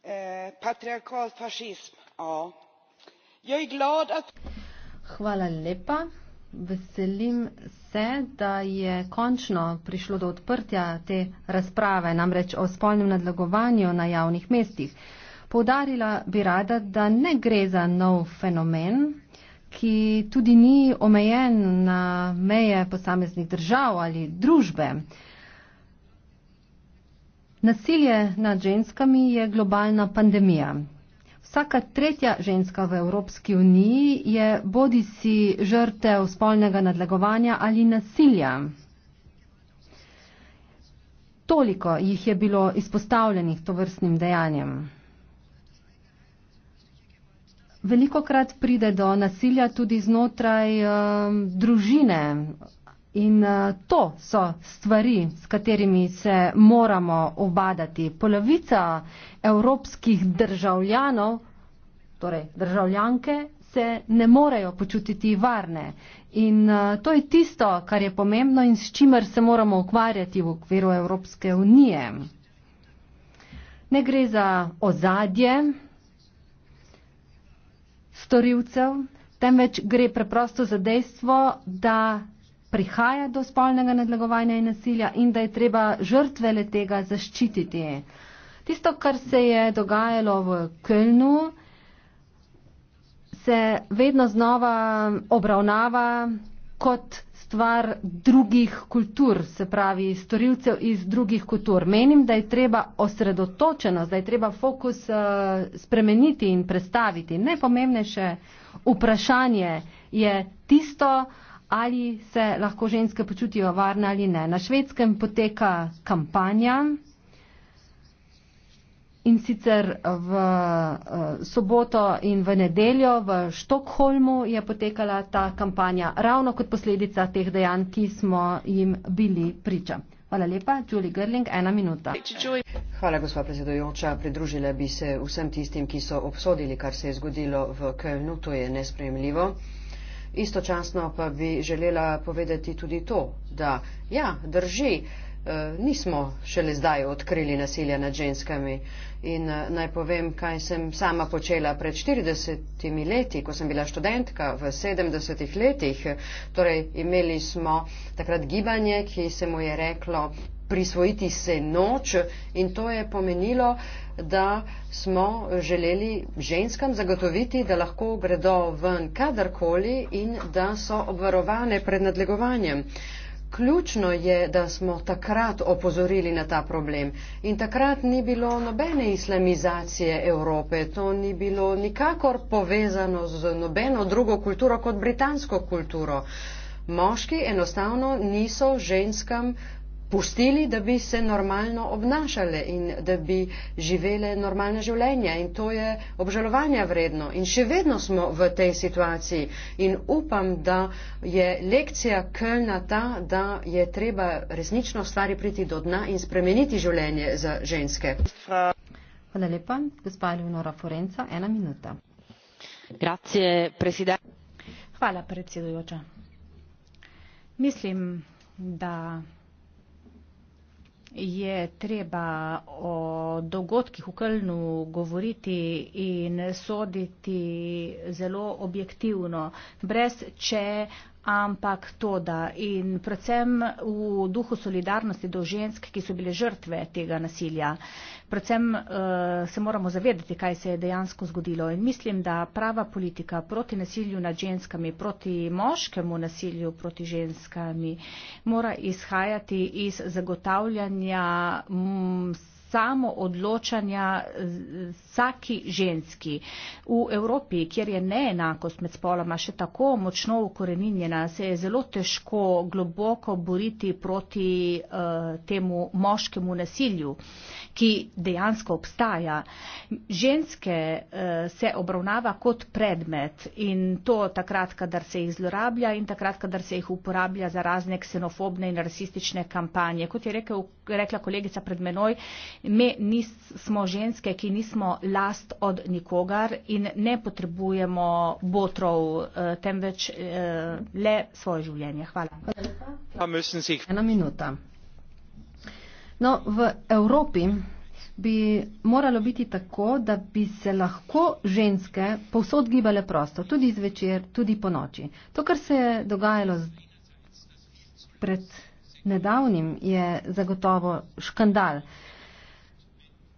Eh, patriarkal fašizm. Hvala lepa. Veselim se, da je končno prišlo do odprtja te razprave, namreč o spolnem nadlegovanju na javnih mestih. Povdarila bi rada, da ne gre za nov fenomen, ki tudi ni omejen na meje posameznih držav ali družbe. Nasilje nad ženskami je globalna pandemija. Vsaka tretja ženska v Evropski uniji je bodi si žrtev spolnega nadlegovanja ali nasilja. Toliko jih je bilo izpostavljenih tovrstnim dejanjem. Veliko krat pride do nasilja tudi znotraj uh, družine, In uh, to so stvari, s katerimi se moramo obadati. Polovica evropskih državljanov, torej državljanke, se ne morejo počutiti varne. In uh, to je tisto, kar je pomembno in s čimer se moramo ukvarjati v okviru Evropske unije. Ne gre za ozadje storilcev, temveč gre preprosto za dejstvo, da prihaja do spolnega nadlegovanja in nasilja in da je treba žrtve le tega zaščititi. Tisto, kar se je dogajalo v Kölnu, se vedno znova obravnava kot stvar drugih kultur, se pravi storilcev iz drugih kultur. Menim, da je treba osredotočenost, da je treba fokus eh, spremeniti in predstaviti. Najpomembnejše vprašanje je tisto, ali se lahko ženske počutijo varne ali ne. Na švedskem poteka kampanja in sicer v eh, soboto in v nedeljo v Štokholmu je potekala ta kampanja ravno kot posledica teh dejanj, ki smo jim bili priča. Hvala lepa, Julie Gerling, ena minuta. Hvala, gospa predsedojoča. Pridružila bi se vsem tistim, ki so obsodili, kar se je zgodilo v Kölnu. To je nespremljivo. Istočasno pa bi želela povedati tudi to, da ja, drži, eh, nismo šele zdaj odkrili nasilja nad ženskami. In eh, naj povem, kaj sem sama počela pred 40 leti, ko sem bila študentka v 70 letih. Torej, imeli smo takrat gibanje, ki se mu je reklo prisvojiti se noč in to je pomenilo, da smo želeli ženskam zagotoviti, da lahko gredo ven kadarkoli in da so obvarovane pred nadlegovanjem. Ključno je, da smo takrat opozorili na ta problem in takrat ni bilo nobene islamizacije Evrope, to ni bilo nikakor povezano z nobeno drugo kulturo kot britansko kulturo. Moški enostavno niso ženskam uh, pustili, da bi se normalno obnašale in da bi živele normalno življenje. In to je obžalovanja vredno. In še vedno smo v tej situaciji. In upam, da je lekcija Kölna ta, da je treba resnično stvari priti do dna in spremeniti življenje za ženske. Hvala lepa. Gospa Ljubnora Forenca, ena minuta. Grazie, presiden. Hvala, predsedujoča. Mislim, da je treba o dogodkih v Kölnu govoriti in soditi zelo objektivno, brez če ampak to, da in predvsem v duhu solidarnosti do žensk, ki so bile žrtve tega nasilja, predvsem uh, se moramo zavedati, kaj se je dejansko zgodilo. In mislim, da prava politika proti nasilju nad ženskami, proti moškemu nasilju proti ženskami, mora izhajati iz zagotavljanja. Mm, samo odločanja vsaki ženski. V Evropi, kjer je neenakost med spoloma še tako močno ukoreninjena, se je zelo težko globoko boriti proti uh, temu moškemu nasilju, ki dejansko obstaja. Ženske uh, se obravnava kot predmet in to takrat, kadar se jih zlorablja in takrat, kadar se jih uporablja za razne ksenofobne in rasistične kampanje. Kot je rekel, rekla kolegica pred menoj, Mi nis, smo ženske, ki nismo last od nikogar in ne potrebujemo botrov, eh, temveč eh, le svoje življenje. Hvala. Ena minuta. No, v Evropi bi moralo biti tako, da bi se lahko ženske povsod gibale prosto, tudi zvečer, tudi po noči. To, kar se je dogajalo pred nedavnim, je zagotovo škandal.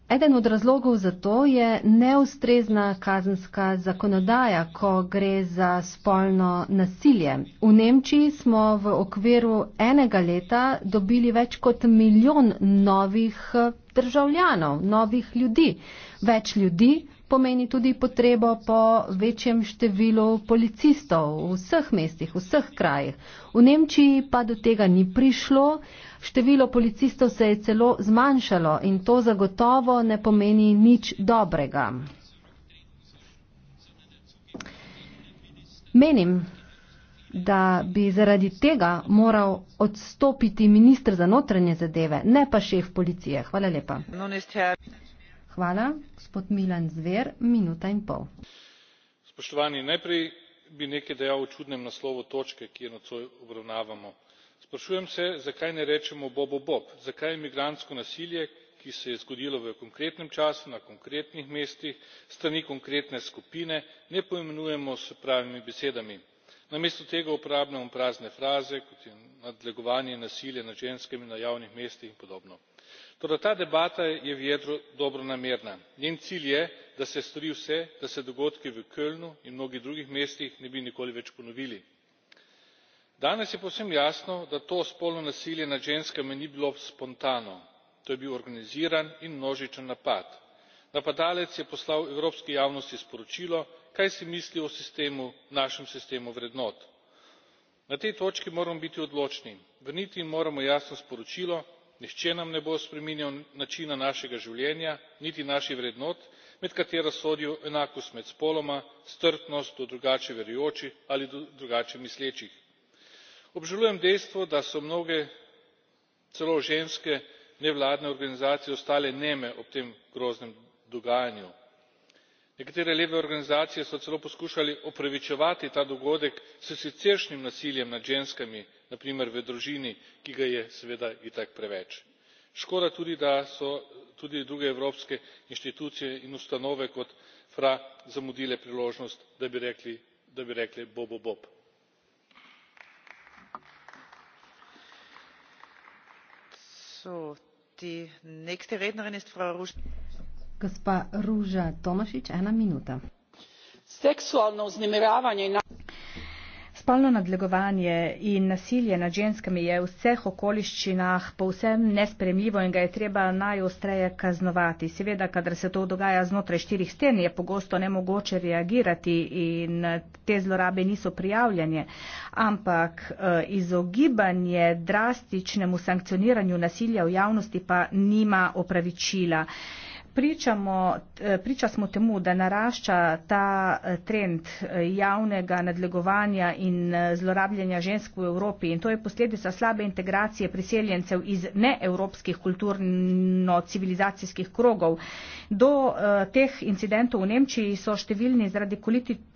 Eden od razlogov za to je neustrezna kazenska zakonodaja, ko gre za spolno nasilje. V Nemčiji smo v okviru enega leta dobili več kot milijon novih državljanov, novih ljudi. Več ljudi pomeni tudi potrebo po večjem številu policistov v vseh mestih, v vseh krajih. V Nemčiji pa do tega ni prišlo. Uh, Število policistov se je celo zmanjšalo in to zagotovo ne pomeni nič dobrega. Menim, da bi zaradi tega moral odstopiti ministr za notranje zadeve, ne pa šef policije. Hvala lepa. Hvala, gospod Milan Zver, minuta in pol. Spoštovani, najprej bi nekaj dejal o čudnem naslovu točke, ki jo nocoj obravnavamo sprašujem se zakaj ne rečemo bobu bob zakaj migrantsko nasilje ki se je zgodilo v konkretnem času na konkretnih mestih s strani konkretne skupine ne poimenujemo s pravimi besedami namesto tega uporabljamo prazne fraze kot je nadlegovanje nasilje nad ženskami na javnih mestih in podobno. toda ta debata je v jedru dobronamerna njen cilj je da se stori vse da se dogodki v kölnu in mnogih drugih mestih ne bi nikoli več ponovili danes je povsem jasno da to spolno nasilje nad ženskami ni bilo spontano to je bil organiziran in množičen napad. napadalec je poslal evropski javnosti sporočilo kaj si misli o sistemu našem sistemu vrednot. na tej točki moramo biti odločni vrniti jim moramo jasno sporočilo nihče nam ne bo spreminjal načina našega življenja niti naših vrednot med katera sodijo enakost med spoloma strpnost do drugače verujočih ali do drugače mislečih obžalujem dejstvo da so mnoge celo ženske nevladne organizacije ostale neme ob tem groznem dogajanju. nekatere leve organizacije so celo poskušale opravičevati ta dogodek s siceršnjim nasiljem nad ženskami na primer v družini ki ga je seveda itak preveč. škoda tudi da so tudi druge evropske inštitucije in ustanove kot fra zamudile priložnost da bi rekli bobu bob. gospa ruža tomašič ena minuta. seksualno vznemiravanje in nasilje nad ženskami je nedopustno spolno nadlegovanje in nasilje nad ženskami je v vseh okoliščinah povsem nespremljivo in ga je treba najostreje kaznovati. Seveda, kadar se to dogaja znotraj štirih sten, je pogosto nemogoče reagirati in eh, te zlorabe niso prijavljanje. Ampak eh, izogibanje drastičnemu sankcioniranju nasilja v javnosti pa nima opravičila pričamo, eh, priča smo temu, da narašča ta eh, trend eh, javnega nadlegovanja in zlorabljanja žensk v Evropi in to je posledica slabe integracije priseljencev iz neevropskih kulturno-civilizacijskih krogov. Do teh incidentov v Nemčiji so številni zaradi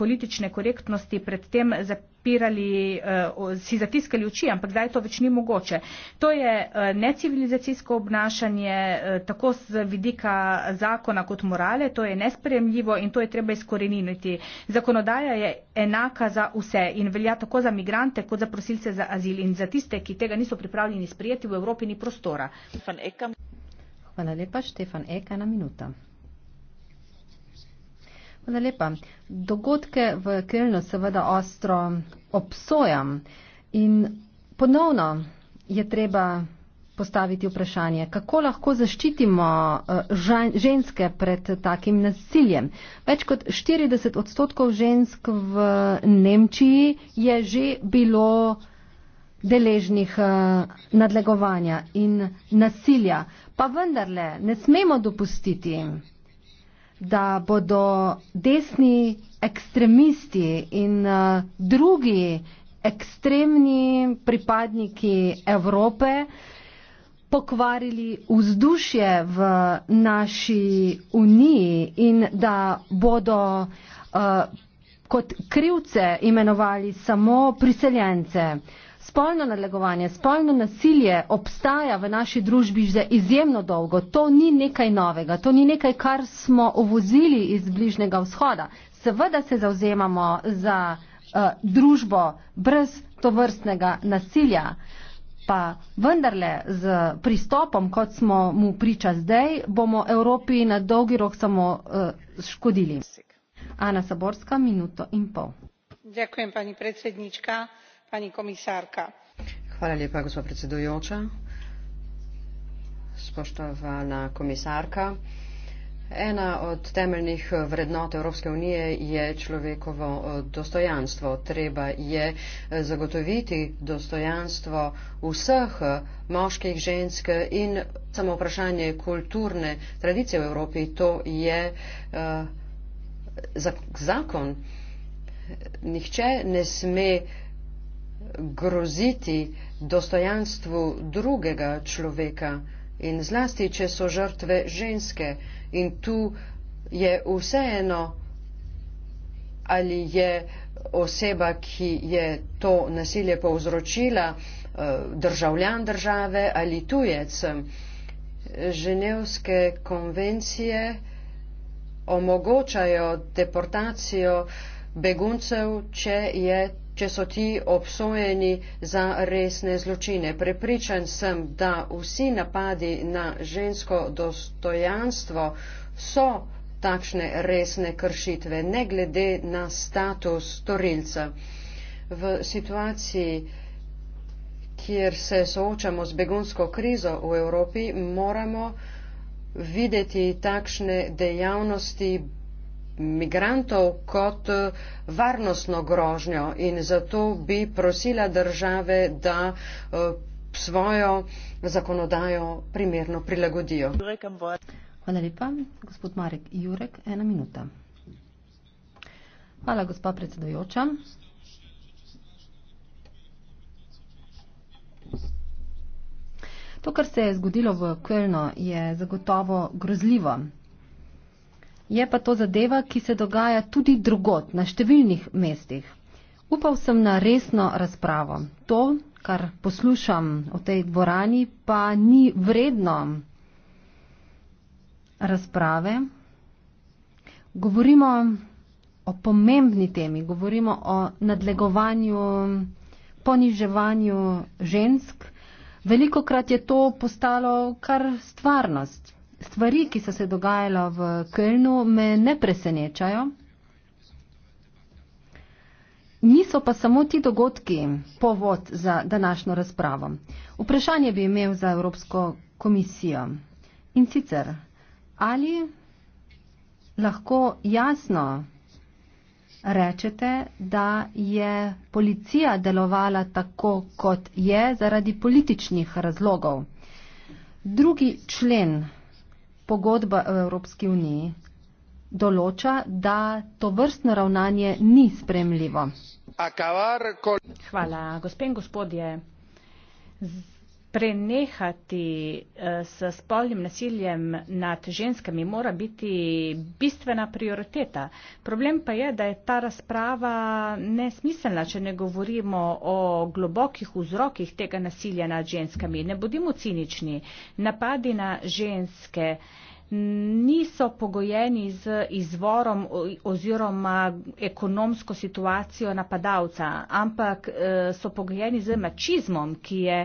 politične korektnosti predtem zapisali zapirali, eh, si zatiskali oči, ampak zdaj to več ni mogoče. To je eh, necivilizacijsko obnašanje, eh, tako z vidika zakona kot morale, to je nesprejemljivo in to je treba izkoreniniti. Zakonodaja je enaka za vse in velja tako za migrante kot za prosilce za azil in za tiste, ki tega niso pripravljeni sprijeti, v Evropi ni prostora. Hvala lepa, Štefan Eka na minuto. Hvala lepa. Dogodke v Kilnu seveda ostro obsojam in ponovno je treba postaviti vprašanje, kako lahko zaščitimo eh, ženske pred takim nasiljem. Več kot 40 odstotkov žensk v Nemčiji je že bilo deležnih eh, nadlegovanja in nasilja. Pa vendarle ne smemo dopustiti da bodo desni ekstremisti in uh, drugi ekstremni pripadniki Evrope pokvarili vzdušje v naši uniji in da bodo uh, kot krivce imenovali samo priseljence. Uh, spolno nadlegovanje, spolno nasilje obstaja v naši družbi že izjemno dolgo. To ni nekaj novega, to ni nekaj, kar smo uvozili iz bližnjega vzhoda. Seveda se zauzemamo za uh, družbo brez tovrstnega nasilja. Pa vendarle z pristopom, kot smo mu priča zdaj, bomo Evropi na dolgi rok samo uh, škodili. Ana Saborska, minuto in pol. Zahvaljujem, pani predsednička gospa predsedujoča spoštovana komisarka ena od temeljnih vrednot evropske unije je človekovo eh, dostojanstvo treba je eh, zagotoviti dostojanstvo vseh eh, moških žensk in samo vprašanje kulturne tradicije v evropi to je uh, zakon nihče ne sme uh, groziti dostojanstvu drugega človeka in zlasti, če so žrtve ženske. In tu je vseeno, ali je oseba, ki je to nasilje povzročila, eh, državljan države ali tujec. Ženevske konvencije omogočajo deportacijo beguncev, če je če so ti obsojeni za resne zločine. Prepričan sem, da vsi napadi na žensko dostojanstvo so takšne resne kršitve, ne glede na status storilca. V situaciji, kjer se soočamo z begunsko krizo v Evropi, moramo videti takšne dejavnosti migrantov kot eh, varnostno grožnjo in zato bi prosila države, da eh, svojo zakonodajo primerno prilagodijo. Hvala lepa, gospod Marek Jurek, ena minuta. Hvala, gospa predsedojoča. To, kar se je zgodilo v Kölnu, je zagotovo grozljivo. Je pa to zadeva, ki se dogaja tudi drugot, na številnih mestih. Upal sem na resno razpravo. To, kar poslušam v tej dvorani, pa ni vredno razprave. Govorimo o pomembni temi, govorimo o nadlegovanju, poniževanju žensk. Veliko krat je to postalo kar stvarnost stvari, ki so se dogajala v Kölnu, me ne presenečajo. Niso pa samo ti dogodki povod za današnjo razpravo. Vprašanje bi imel za Evropsko komisijo. In sicer, ali lahko jasno rečete, da je policija delovala tako, kot je, zaradi političnih razlogov. Drugi člen pogodba v Evropski uniji določa, da to vrstno ravnanje ni spremljivo. Hvala, gospe in gospodje. Z prenehati eh, s spolnim nasiljem nad ženskami mora biti bistvena prioriteta. Problem pa je, da je ta razprava nesmiselna, če ne govorimo o globokih vzrokih tega nasilja nad ženskami. Ne bodimo cinični. Napadi na ženske niso pogojeni z izvorom oziroma ekonomsko situacijo napadalca, ampak eh, so pogojeni z mačizmom, ki je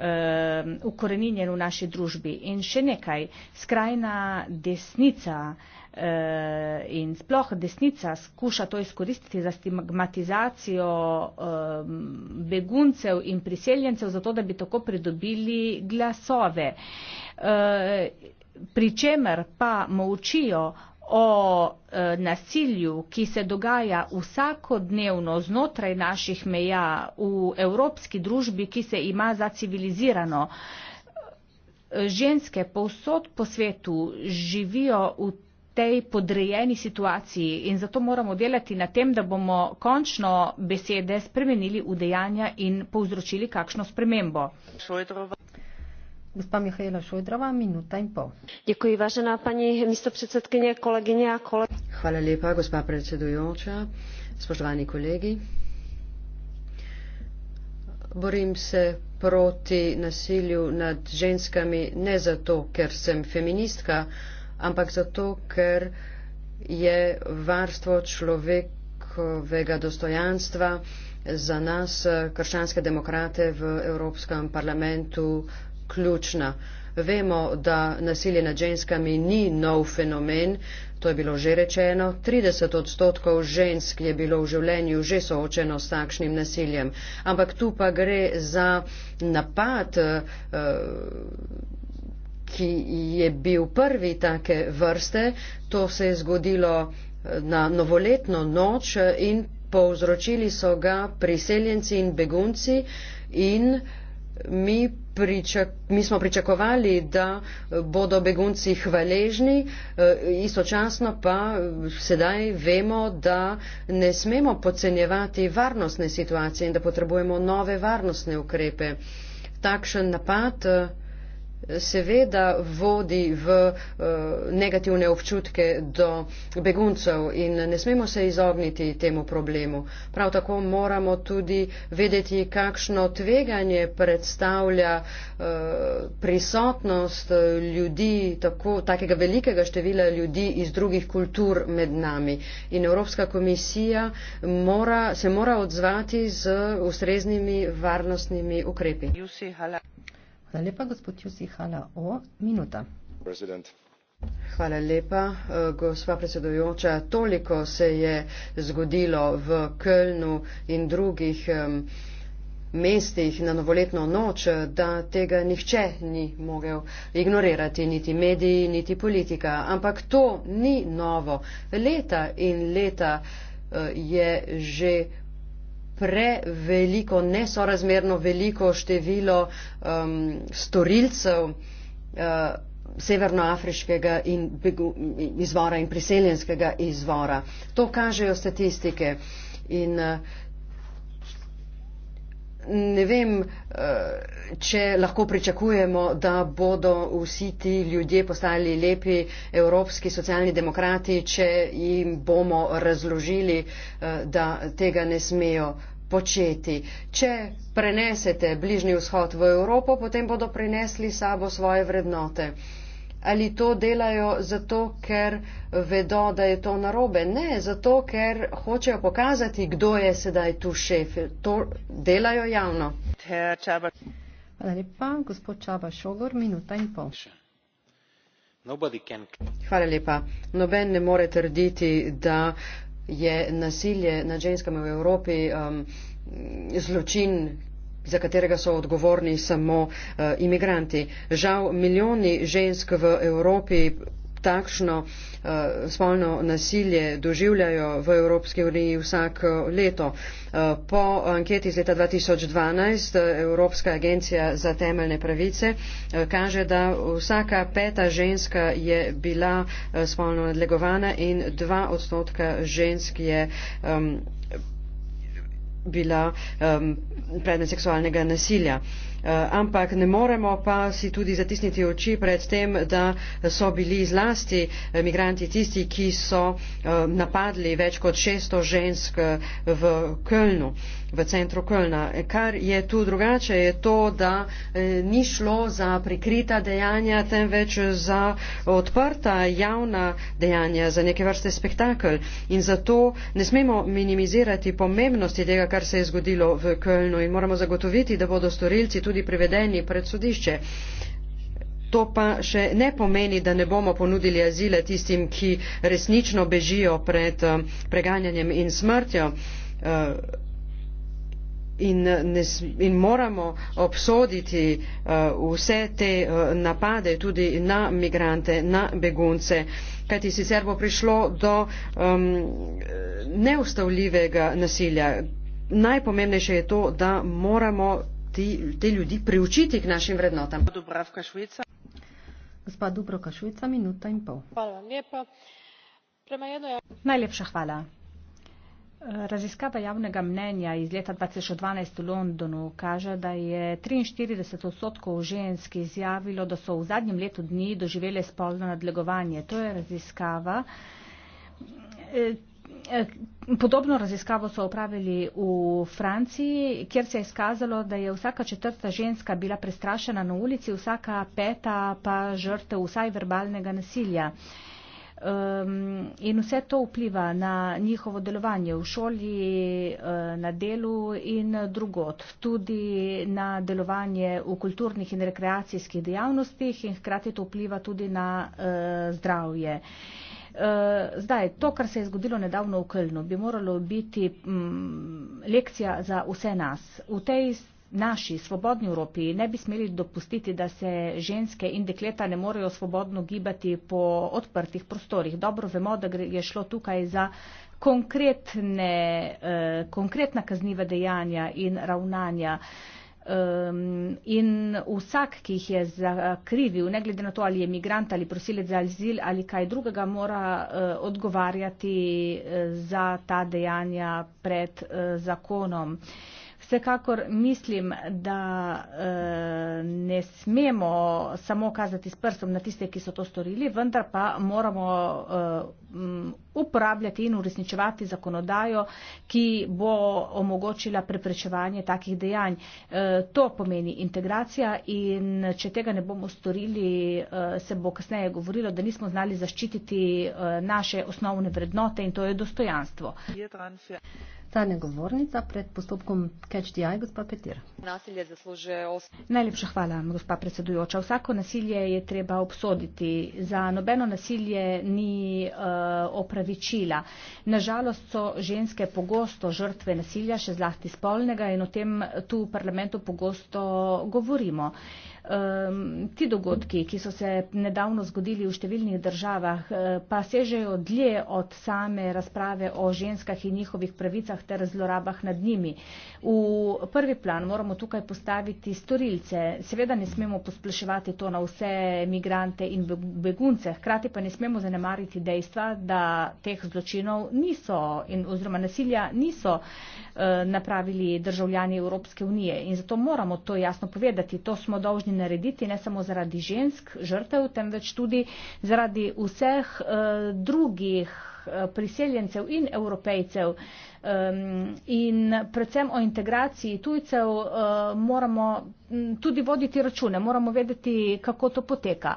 uh, ukoreninjen v naši družbi. In še nekaj, skrajna desnica uh, in sploh desnica skuša to izkoristiti za stigmatizacijo uh, beguncev in priseljencev, zato da bi tako pridobili glasove. Uh, Pričemer pa molčijo o e, nasilju, ki se dogaja vsakodnevno znotraj naših meja v evropski družbi, ki se ima za civilizirano. E, ženske povsod po svetu živijo v tej podrejeni situaciji in zato moramo delati na tem, da bomo končno besede spremenili v dejanja in povzročili kakšno spremembo hvala lepa gospa predsedujoča spoštovani kolegi borim se proti nasilju nad ženskami ne zato ker sem feministka ampak zato ker je varstvo človekovega dostojanstva za nas krščanske demokrate v Evropskem parlamentu ključna. Vemo, da nasilje nad ženskami ni nov fenomen, to je bilo že rečeno. 30 odstotkov žensk je bilo v življenju že soočeno s takšnim nasiljem. Ampak tu pa gre za napad, eh, ki je bil prvi take vrste. To se je zgodilo eh, na novoletno noč in povzročili so ga priseljenci in begunci. In uh, mi, pričak, mi smo pričakovali, da bodo begunci hvaležni, eh, istočasno pa eh, sedaj vemo, da ne smemo podcenjevati varnostne situacije in da potrebujemo nove varnostne ukrepe. Takšen napad eh, seveda vodi v uh, negativne občutke do beguncev in ne smemo se izogniti temu problemu. Prav tako moramo tudi vedeti, kakšno tveganje predstavlja uh, prisotnost eh, ljudi, tako, takega velikega števila ljudi iz drugih kultur med nami. In Evropska komisija mora, se mora odzvati z ustreznimi varnostnimi ukrepi. Hvala lepa, gospod Jusi, hvala o minuta. President. Hvala lepa, eh, gospa predsedujoča. Toliko se je zgodilo v Kölnu in drugih mestih na novoletno noč, da tega nihče ni mogel ignorirati, niti mediji, niti politika. Ampak to ni novo. Leta in leta eh, je že preveliko, nesorazmerno veliko število um, storilcev uh, severnoafriškega in izvora in priseljenskega izvora. To kažejo statistike. In, uh, Ne vem, uh, če lahko pričakujemo, da bodo vsi ti ljudje postali lepi evropski socialni demokrati, če jim bomo razložili, uh, da tega ne smejo početi. Če prenesete Bližnji vzhod v Evropo, potem bodo prinesli sabo svoje vrednote. Ali to delajo zato, ker vedo, da je to narobe? Ne, zato, ker hočejo pokazati, kdo je sedaj tu šef. To delajo javno. Hvala lepa, gospod Čaba Šogor, minuta in pol. Hvala lepa. Noben ne more trditi, da uh, je nasilje nad ženskami v Evropi um, zločin, za katerega so odgovorni samo uh, imigranti. Žal milijoni žensk v Evropi takšno eh, spolno nasilje doživljajo v Evropski uniji vsak eh, leto. Eh, po anketi iz leta 2012 Evropska agencija za temeljne pravice kaže, da vsaka peta ženska je bila spolno nadlegovana in dva odstotka žensk je um, bila um, predmet seksualnega nasilja. Um, Eh, ampak ne moremo pa si tudi zatisniti oči pred tem da so bili zlasti eh, migranti tisti ki so eh, napadli več kot šeststo žensk v kölnu v centru Kölna. Kar je tu drugače, je to, da e, ni šlo za prikrita dejanja, temveč za odprta javna dejanja, za neke vrste spektakl. In zato ne smemo minimizirati pomembnosti tega, kar se je zgodilo v Kölnu in moramo zagotoviti, da bodo storilci tudi tudi privedeni pred sodišče. To pa še ne pomeni, da ne bomo ponudili azile tistim, ki resnično bežijo pred eh, preganjanjem in smrtjo. Eh, in, ne, in moramo obsoditi uh, vse te uh, napade tudi na migrante, na begunce, kajti sicer bo prišlo do um, neustavljivega nasilja. Najpomembnejše je to, da moramo te ljudi priučiti k našim vrednotam. Najlepša hvala. Raziskava javnega mnenja iz leta 2012 v Londonu kaže, da je 43 odstotkov žensk izjavilo, da so v zadnjem letu dni doživele spolno nadlegovanje. To je raziskava. Eh, podobno raziskavo so opravili v Franciji, kjer se je skazalo, da je vsaka četrta ženska bila prestrašena na ulici, vsaka peta pa žrte vsaj verbalnega nasilja. Ehm, in vse to vpliva na njihovo delovanje v šoli, eh, na delu in drugot, tudi na delovanje v kulturnih in rekreacijskih dejavnostih in hkrati to vpliva tudi na eh, zdravje. Eh, zdaj, to, kar se je zgodilo nedavno v Kölnu, bi moralo biti m, mm, lekcija za vse nas. V tej naši svobodni Evropi ne bi smeli dopustiti, da se ženske in dekleta ne morejo svobodno gibati po odprtih prostorih. Dobro vemo, da je šlo tukaj za konkretne, eh, konkretna kazniva dejanja in ravnanja. Eh, Um, in vsak, ki jih je zakrivil, ne glede na to, ali je migrant ali prosilec za azil ali kaj drugega, mora uh, odgovarjati uh, za ta dejanja pred uh, zakonom. Uh, Vsekakor mislim, da e, ne smemo samo kazati s prstom na tiste, ki so to storili, vendar pa moramo e, uporabljati in uresničevati zakonodajo, ki bo omogočila preprečevanje takih dejanj. E, to pomeni integracija in če tega ne bomo storili, e, se bo kasneje govorilo, da nismo znali zaščititi e, naše osnovne vrednote in to je dostojanstvo. Je Zadnja govornica pred postopkom CatchDI, gospa Petir. Nasilje zasluže os... Najlepša hvala, gospa predsedujoča. Vsako nasilje je treba obsoditi. Za nobeno nasilje ni uh, opravičila. Nažalost so ženske pogosto žrtve nasilja, še zlasti spolnega in o tem tu v parlamentu pogosto govorimo. Uh, Um, ti dogodki, ki so se nedavno zgodili v številnih državah, eh, pa sežejo dlje od same razprave o ženskah in njihovih pravicah ter zlorabah nad njimi. V prvi plan moramo tukaj postaviti storilce. Seveda ne smemo posplaševati to na vse migrante in begunce, hkrati pa ne smemo zanemariti dejstva, da teh zločinov niso in oziroma nasilja niso uh, napravili državljani Evropske unije. In zato moramo to jasno povedati. To smo dolžni dolžni narediti, ne samo zaradi žensk žrtev, temveč tudi zaradi vseh uh, drugih eh, priseljencev in evropejcev um, in predvsem o integraciji tujcev uh, moramo tudi voditi račune, moramo vedeti, kako to poteka.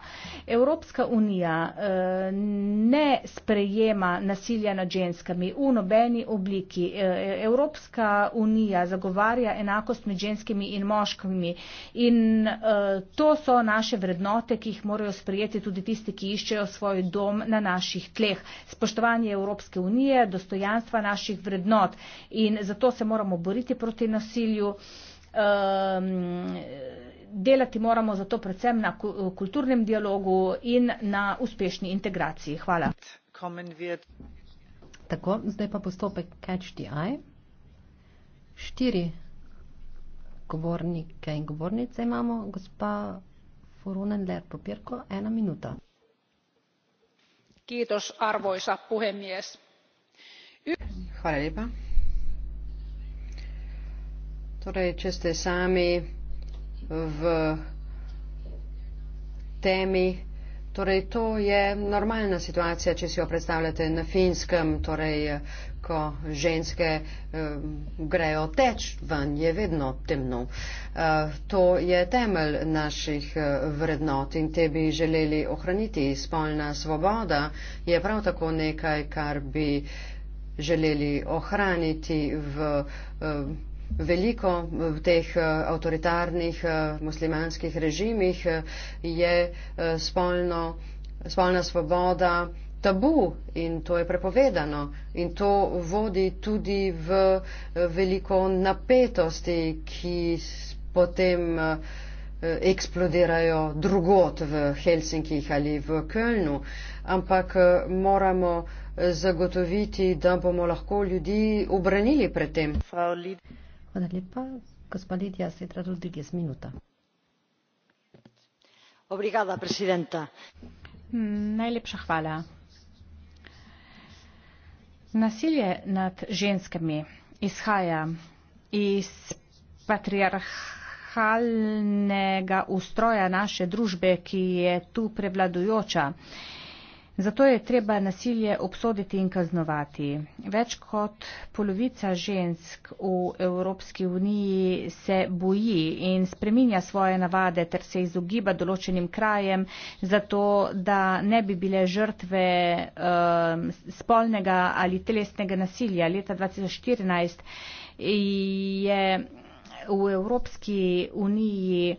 Evropska unija e, ne sprejema nasilja nad ženskami v nobeni obliki. E, Evropska unija zagovarja enakost med ženskimi in moškimi in e, to so naše vrednote, ki jih morajo sprejeti tudi tisti, ki iščejo svoj dom na naših tleh. Spoštovanje Evropske unije, dostojanstva naših vrednot in zato se moramo boriti proti nasilju um, delati moramo zato predvsem na kulturnem dialogu in na uspešni integraciji. Hvala. Tako, zdaj pa postopek catch the eye. Štiri govornike in govornice imamo. Gospa Furunenler, popirko, ena minuta. Kiitos, arvoisa puhemies. Hvala lepa, Torej, če ste sami v temi, torej to je normalna situacija, če si jo predstavljate na finskem, torej, ko ženske uh, grejo teč ven, je vedno temno. Uh, to je temelj naših uh, vrednot in te bi želeli ohraniti. Spolna svoboda je prav tako nekaj, kar bi želeli ohraniti v. Uh, veliko v teh eh, avtoritarnih eh, muslimanskih režimih eh, je spolno, spolna svoboda tabu in to je prepovedano in to vodi tudi v veliko napetosti, ki potem eksplodirajo drugot v Helsinkih ali v Kölnu, ampak moramo zagotoviti, da bomo lahko ljudi obranili pred tem. Frau Lied, Hvala lepa. Gospa Lidija Sedra Rodriguez, minuta. Obrigada, presidenta. Mm, najlepša hvala. Nasilje nad ženskami izhaja iz patriarhalnega ustroja naše družbe, ki je tu prevladujoča. Zato je treba nasilje obsoditi in kaznovati. Več kot polovica žensk v Evropski uniji se boji in spreminja svoje navade ter se izogiba določenim krajem, zato da ne bi bile žrtve uh, spolnega ali telesnega nasilja. Leta 2014 je v Evropski uniji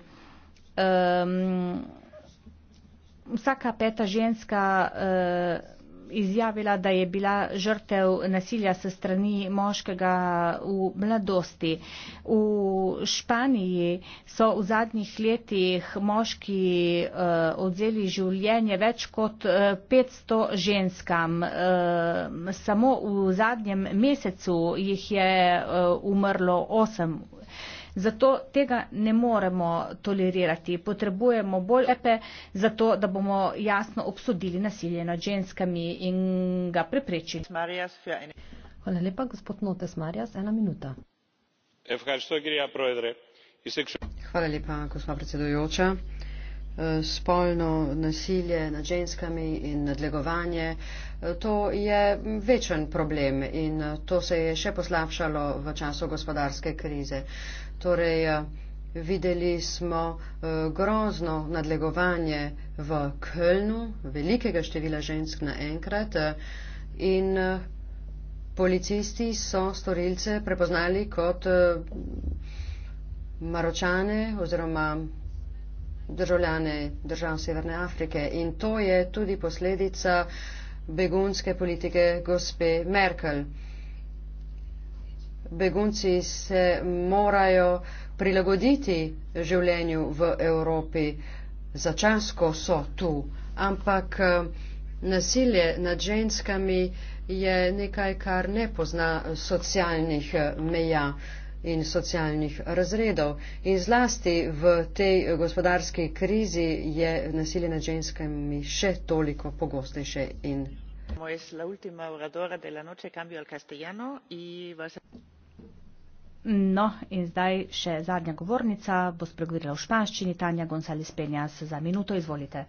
um, vsaka peta ženska e, izjavila, da je bila žrtev nasilja se strani moškega v mladosti. V Španiji so v zadnjih letih moški e, eh, odzeli življenje več kot 500 eh, ženskam. E, samo v zadnjem mesecu jih je e, umrlo 8. Zato tega ne moremo tolerirati. Potrebujemo bolj epe, zato da bomo jasno obsodili nasilje nad ženskami in ga preprečili. Hvala lepa, gospod Notes Marjas, ena minuta. Hvala lepa, gospod predsedujoča spolno nasilje nad ženskami in nadlegovanje. To je večen problem in to se je še poslabšalo v času gospodarske krize. Torej, videli smo eh, grozno nadlegovanje v Kölnu, velikega števila žensk naenkrat eh, in eh, policisti so storilce prepoznali kot maročane oziroma državljane držav Severne Afrike in to je tudi posledica begunske politike gospe Merkel. Begunci se morajo prilagoditi življenju v Evropi za čas, ko so tu, ampak eh, nasilje nad ženskami je nekaj, kar ne pozna socialnih eh, meja in socialnih razredov. In zlasti v tej gospodarski krizi je nasilje nad ženskami še toliko pogostejše. In... No, in zdaj še zadnja govornica bo spregovorila v španščini, Tanja Gonzales Penjas, za minuto izvolite.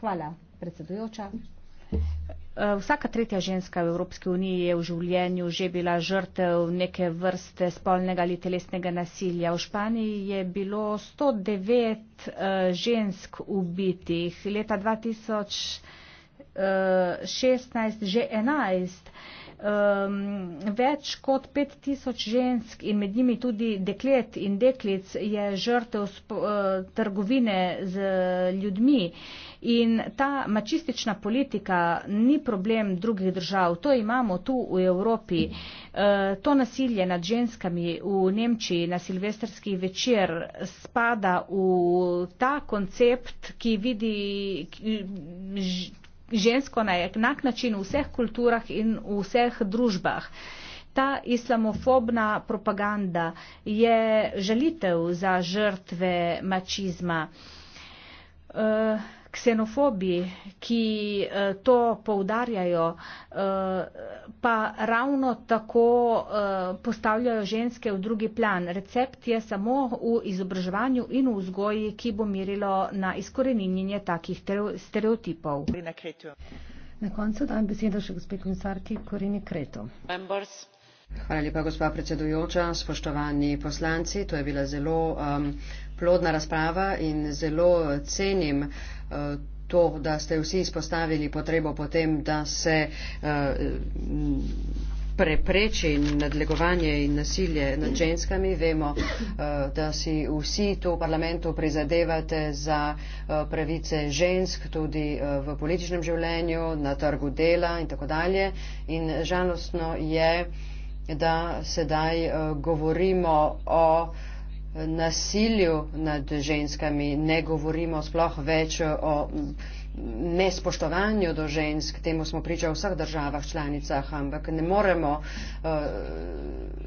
Hvala, predsedujoča. Eh, vsaka tretja ženska v Evropski uniji je v življenju že bila žrtev neke vrste spolnega ali telesnega nasilja. V Španiji je bilo 109 eh, žensk ubitih, leta 2016 eh, že 11 um, več kot 5000 žensk in med njimi tudi deklet in deklic je žrtev sp, uh, trgovine z ljudmi. In ta mačistična politika ni problem drugih držav, to imamo tu v Evropi. Uh, to nasilje nad ženskami v Nemčiji na silvestrski večer spada v ta koncept, ki vidi. Ki, ž, žensko na enak način v vseh kulturah in v vseh družbah. Ta islamofobna propaganda je žalitev za žrtve mačizma. Uh, ksenofobi, ki eh, to poudarjajo, eh, pa ravno tako eh, postavljajo ženske v drugi plan. Recept je samo v izobraževanju in v vzgoji, ki bo mirilo na izkoreninjenje takih stereotipov. Na koncu dajem besedo še gospe komisarki Korini Kreto. Hvala lepa, gospa predsedujoča, spoštovani poslanci. To je bila zelo. Um, plodna razprava in zelo cenim eh, to, da ste vsi izpostavili potrebo potem, da se eh, prepreči nadlegovanje in nasilje nad ženskami. Vemo, eh, da si vsi tu v parlamentu prizadevate za pravice žensk, tudi v političnem življenju, na trgu dela in tako dalje. In žalostno je, da sedaj govorimo o nasilju nad ženskami, ne govorimo sploh več o nespoštovanju do žensk, temu smo priča v vseh državah članicah, ampak ne moremo uh,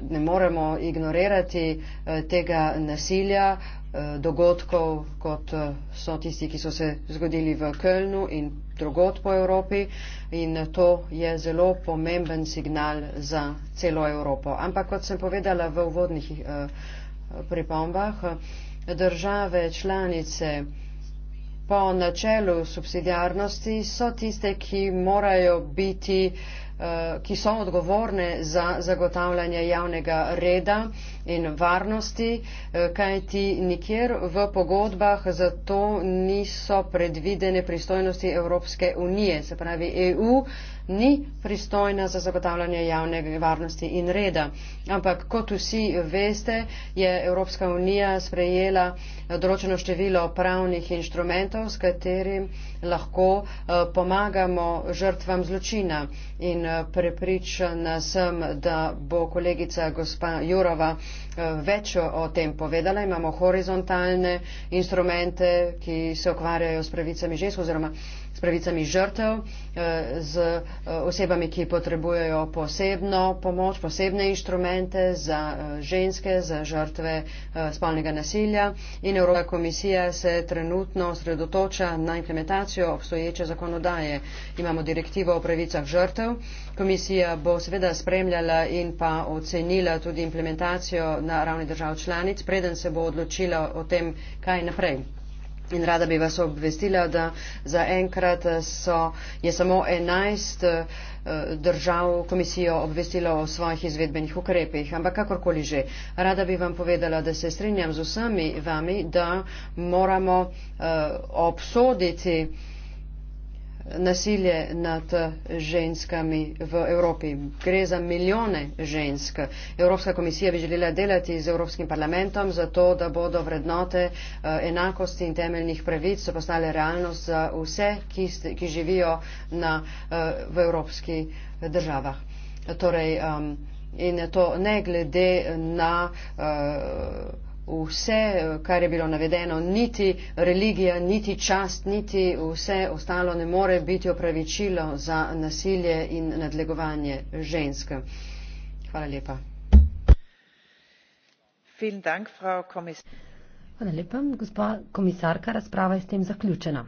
ne moremo ignorirati eh, tega nasilja, eh, dogodkov, kot eh, so tisti, ki so se zgodili v Kölnu in drugot po Evropi in to je zelo pomemben signal za celo Evropo. Ampak, kot sem povedala v uvodnih pripombah, države članice po načelu subsidiarnosti so tiste, ki morajo biti uh, Eh, ki so odgovorne za zagotavljanje javnega reda, in varnosti, eh, kajti nikjer v pogodbah za to niso predvidene pristojnosti Evropske unije, se pravi EU ni pristojna za zagotavljanje javne varnosti in reda. Ampak, kot vsi veste, je Evropska unija sprejela eh, določeno število pravnih inštrumentov, s katerim lahko eh, pomagamo žrtvam zločina. In prepričana sem, da bo kolegica gospa Jurova Eh, več o tem povedala. Imamo horizontalne instrumente, ki se ukvarjajo s pravicami žensk oziroma pravicami žrtev, eh, z eh, osebami, ki potrebujejo posebno pomoč, posebne inštrumente za eh, ženske, za žrtve spolnega nasilja. In Evropska komisija se trenutno sredotoča na implementacijo obstoječe zakonodaje. Imamo direktivo o pravicah žrtev. Komisija bo seveda spremljala in pa ocenila tudi implementacijo na ravni držav članic, preden se bo odločila o tem, kaj naprej. In rada bi vas obvestila, da zaenkrat eh, je samo 11 eh, držav komisijo obvestilo o svojih izvedbenih ukrepih. Ampak kakorkoli že, rada bi vam povedala, da se strinjam z vsemi vami, da moramo eh, obsoditi nasilje nad ženskami v Evropi. Gre za milijone žensk. Evropska komisija bi želela delati z Evropskim parlamentom za to, da bodo vrednote eh, enakosti in temeljnih pravic so postale realnost za vse, ki, ki živijo na, eh, v evropskih državah. Torej, um, in to ne glede na uh, vse, kar je bilo navedeno, niti religija, niti čast, niti vse ostalo ne more biti opravičilo za nasilje in nadlegovanje žensk. Hvala lepa. Hvala lepa, gospa komisarka, razprava je s tem zaključena.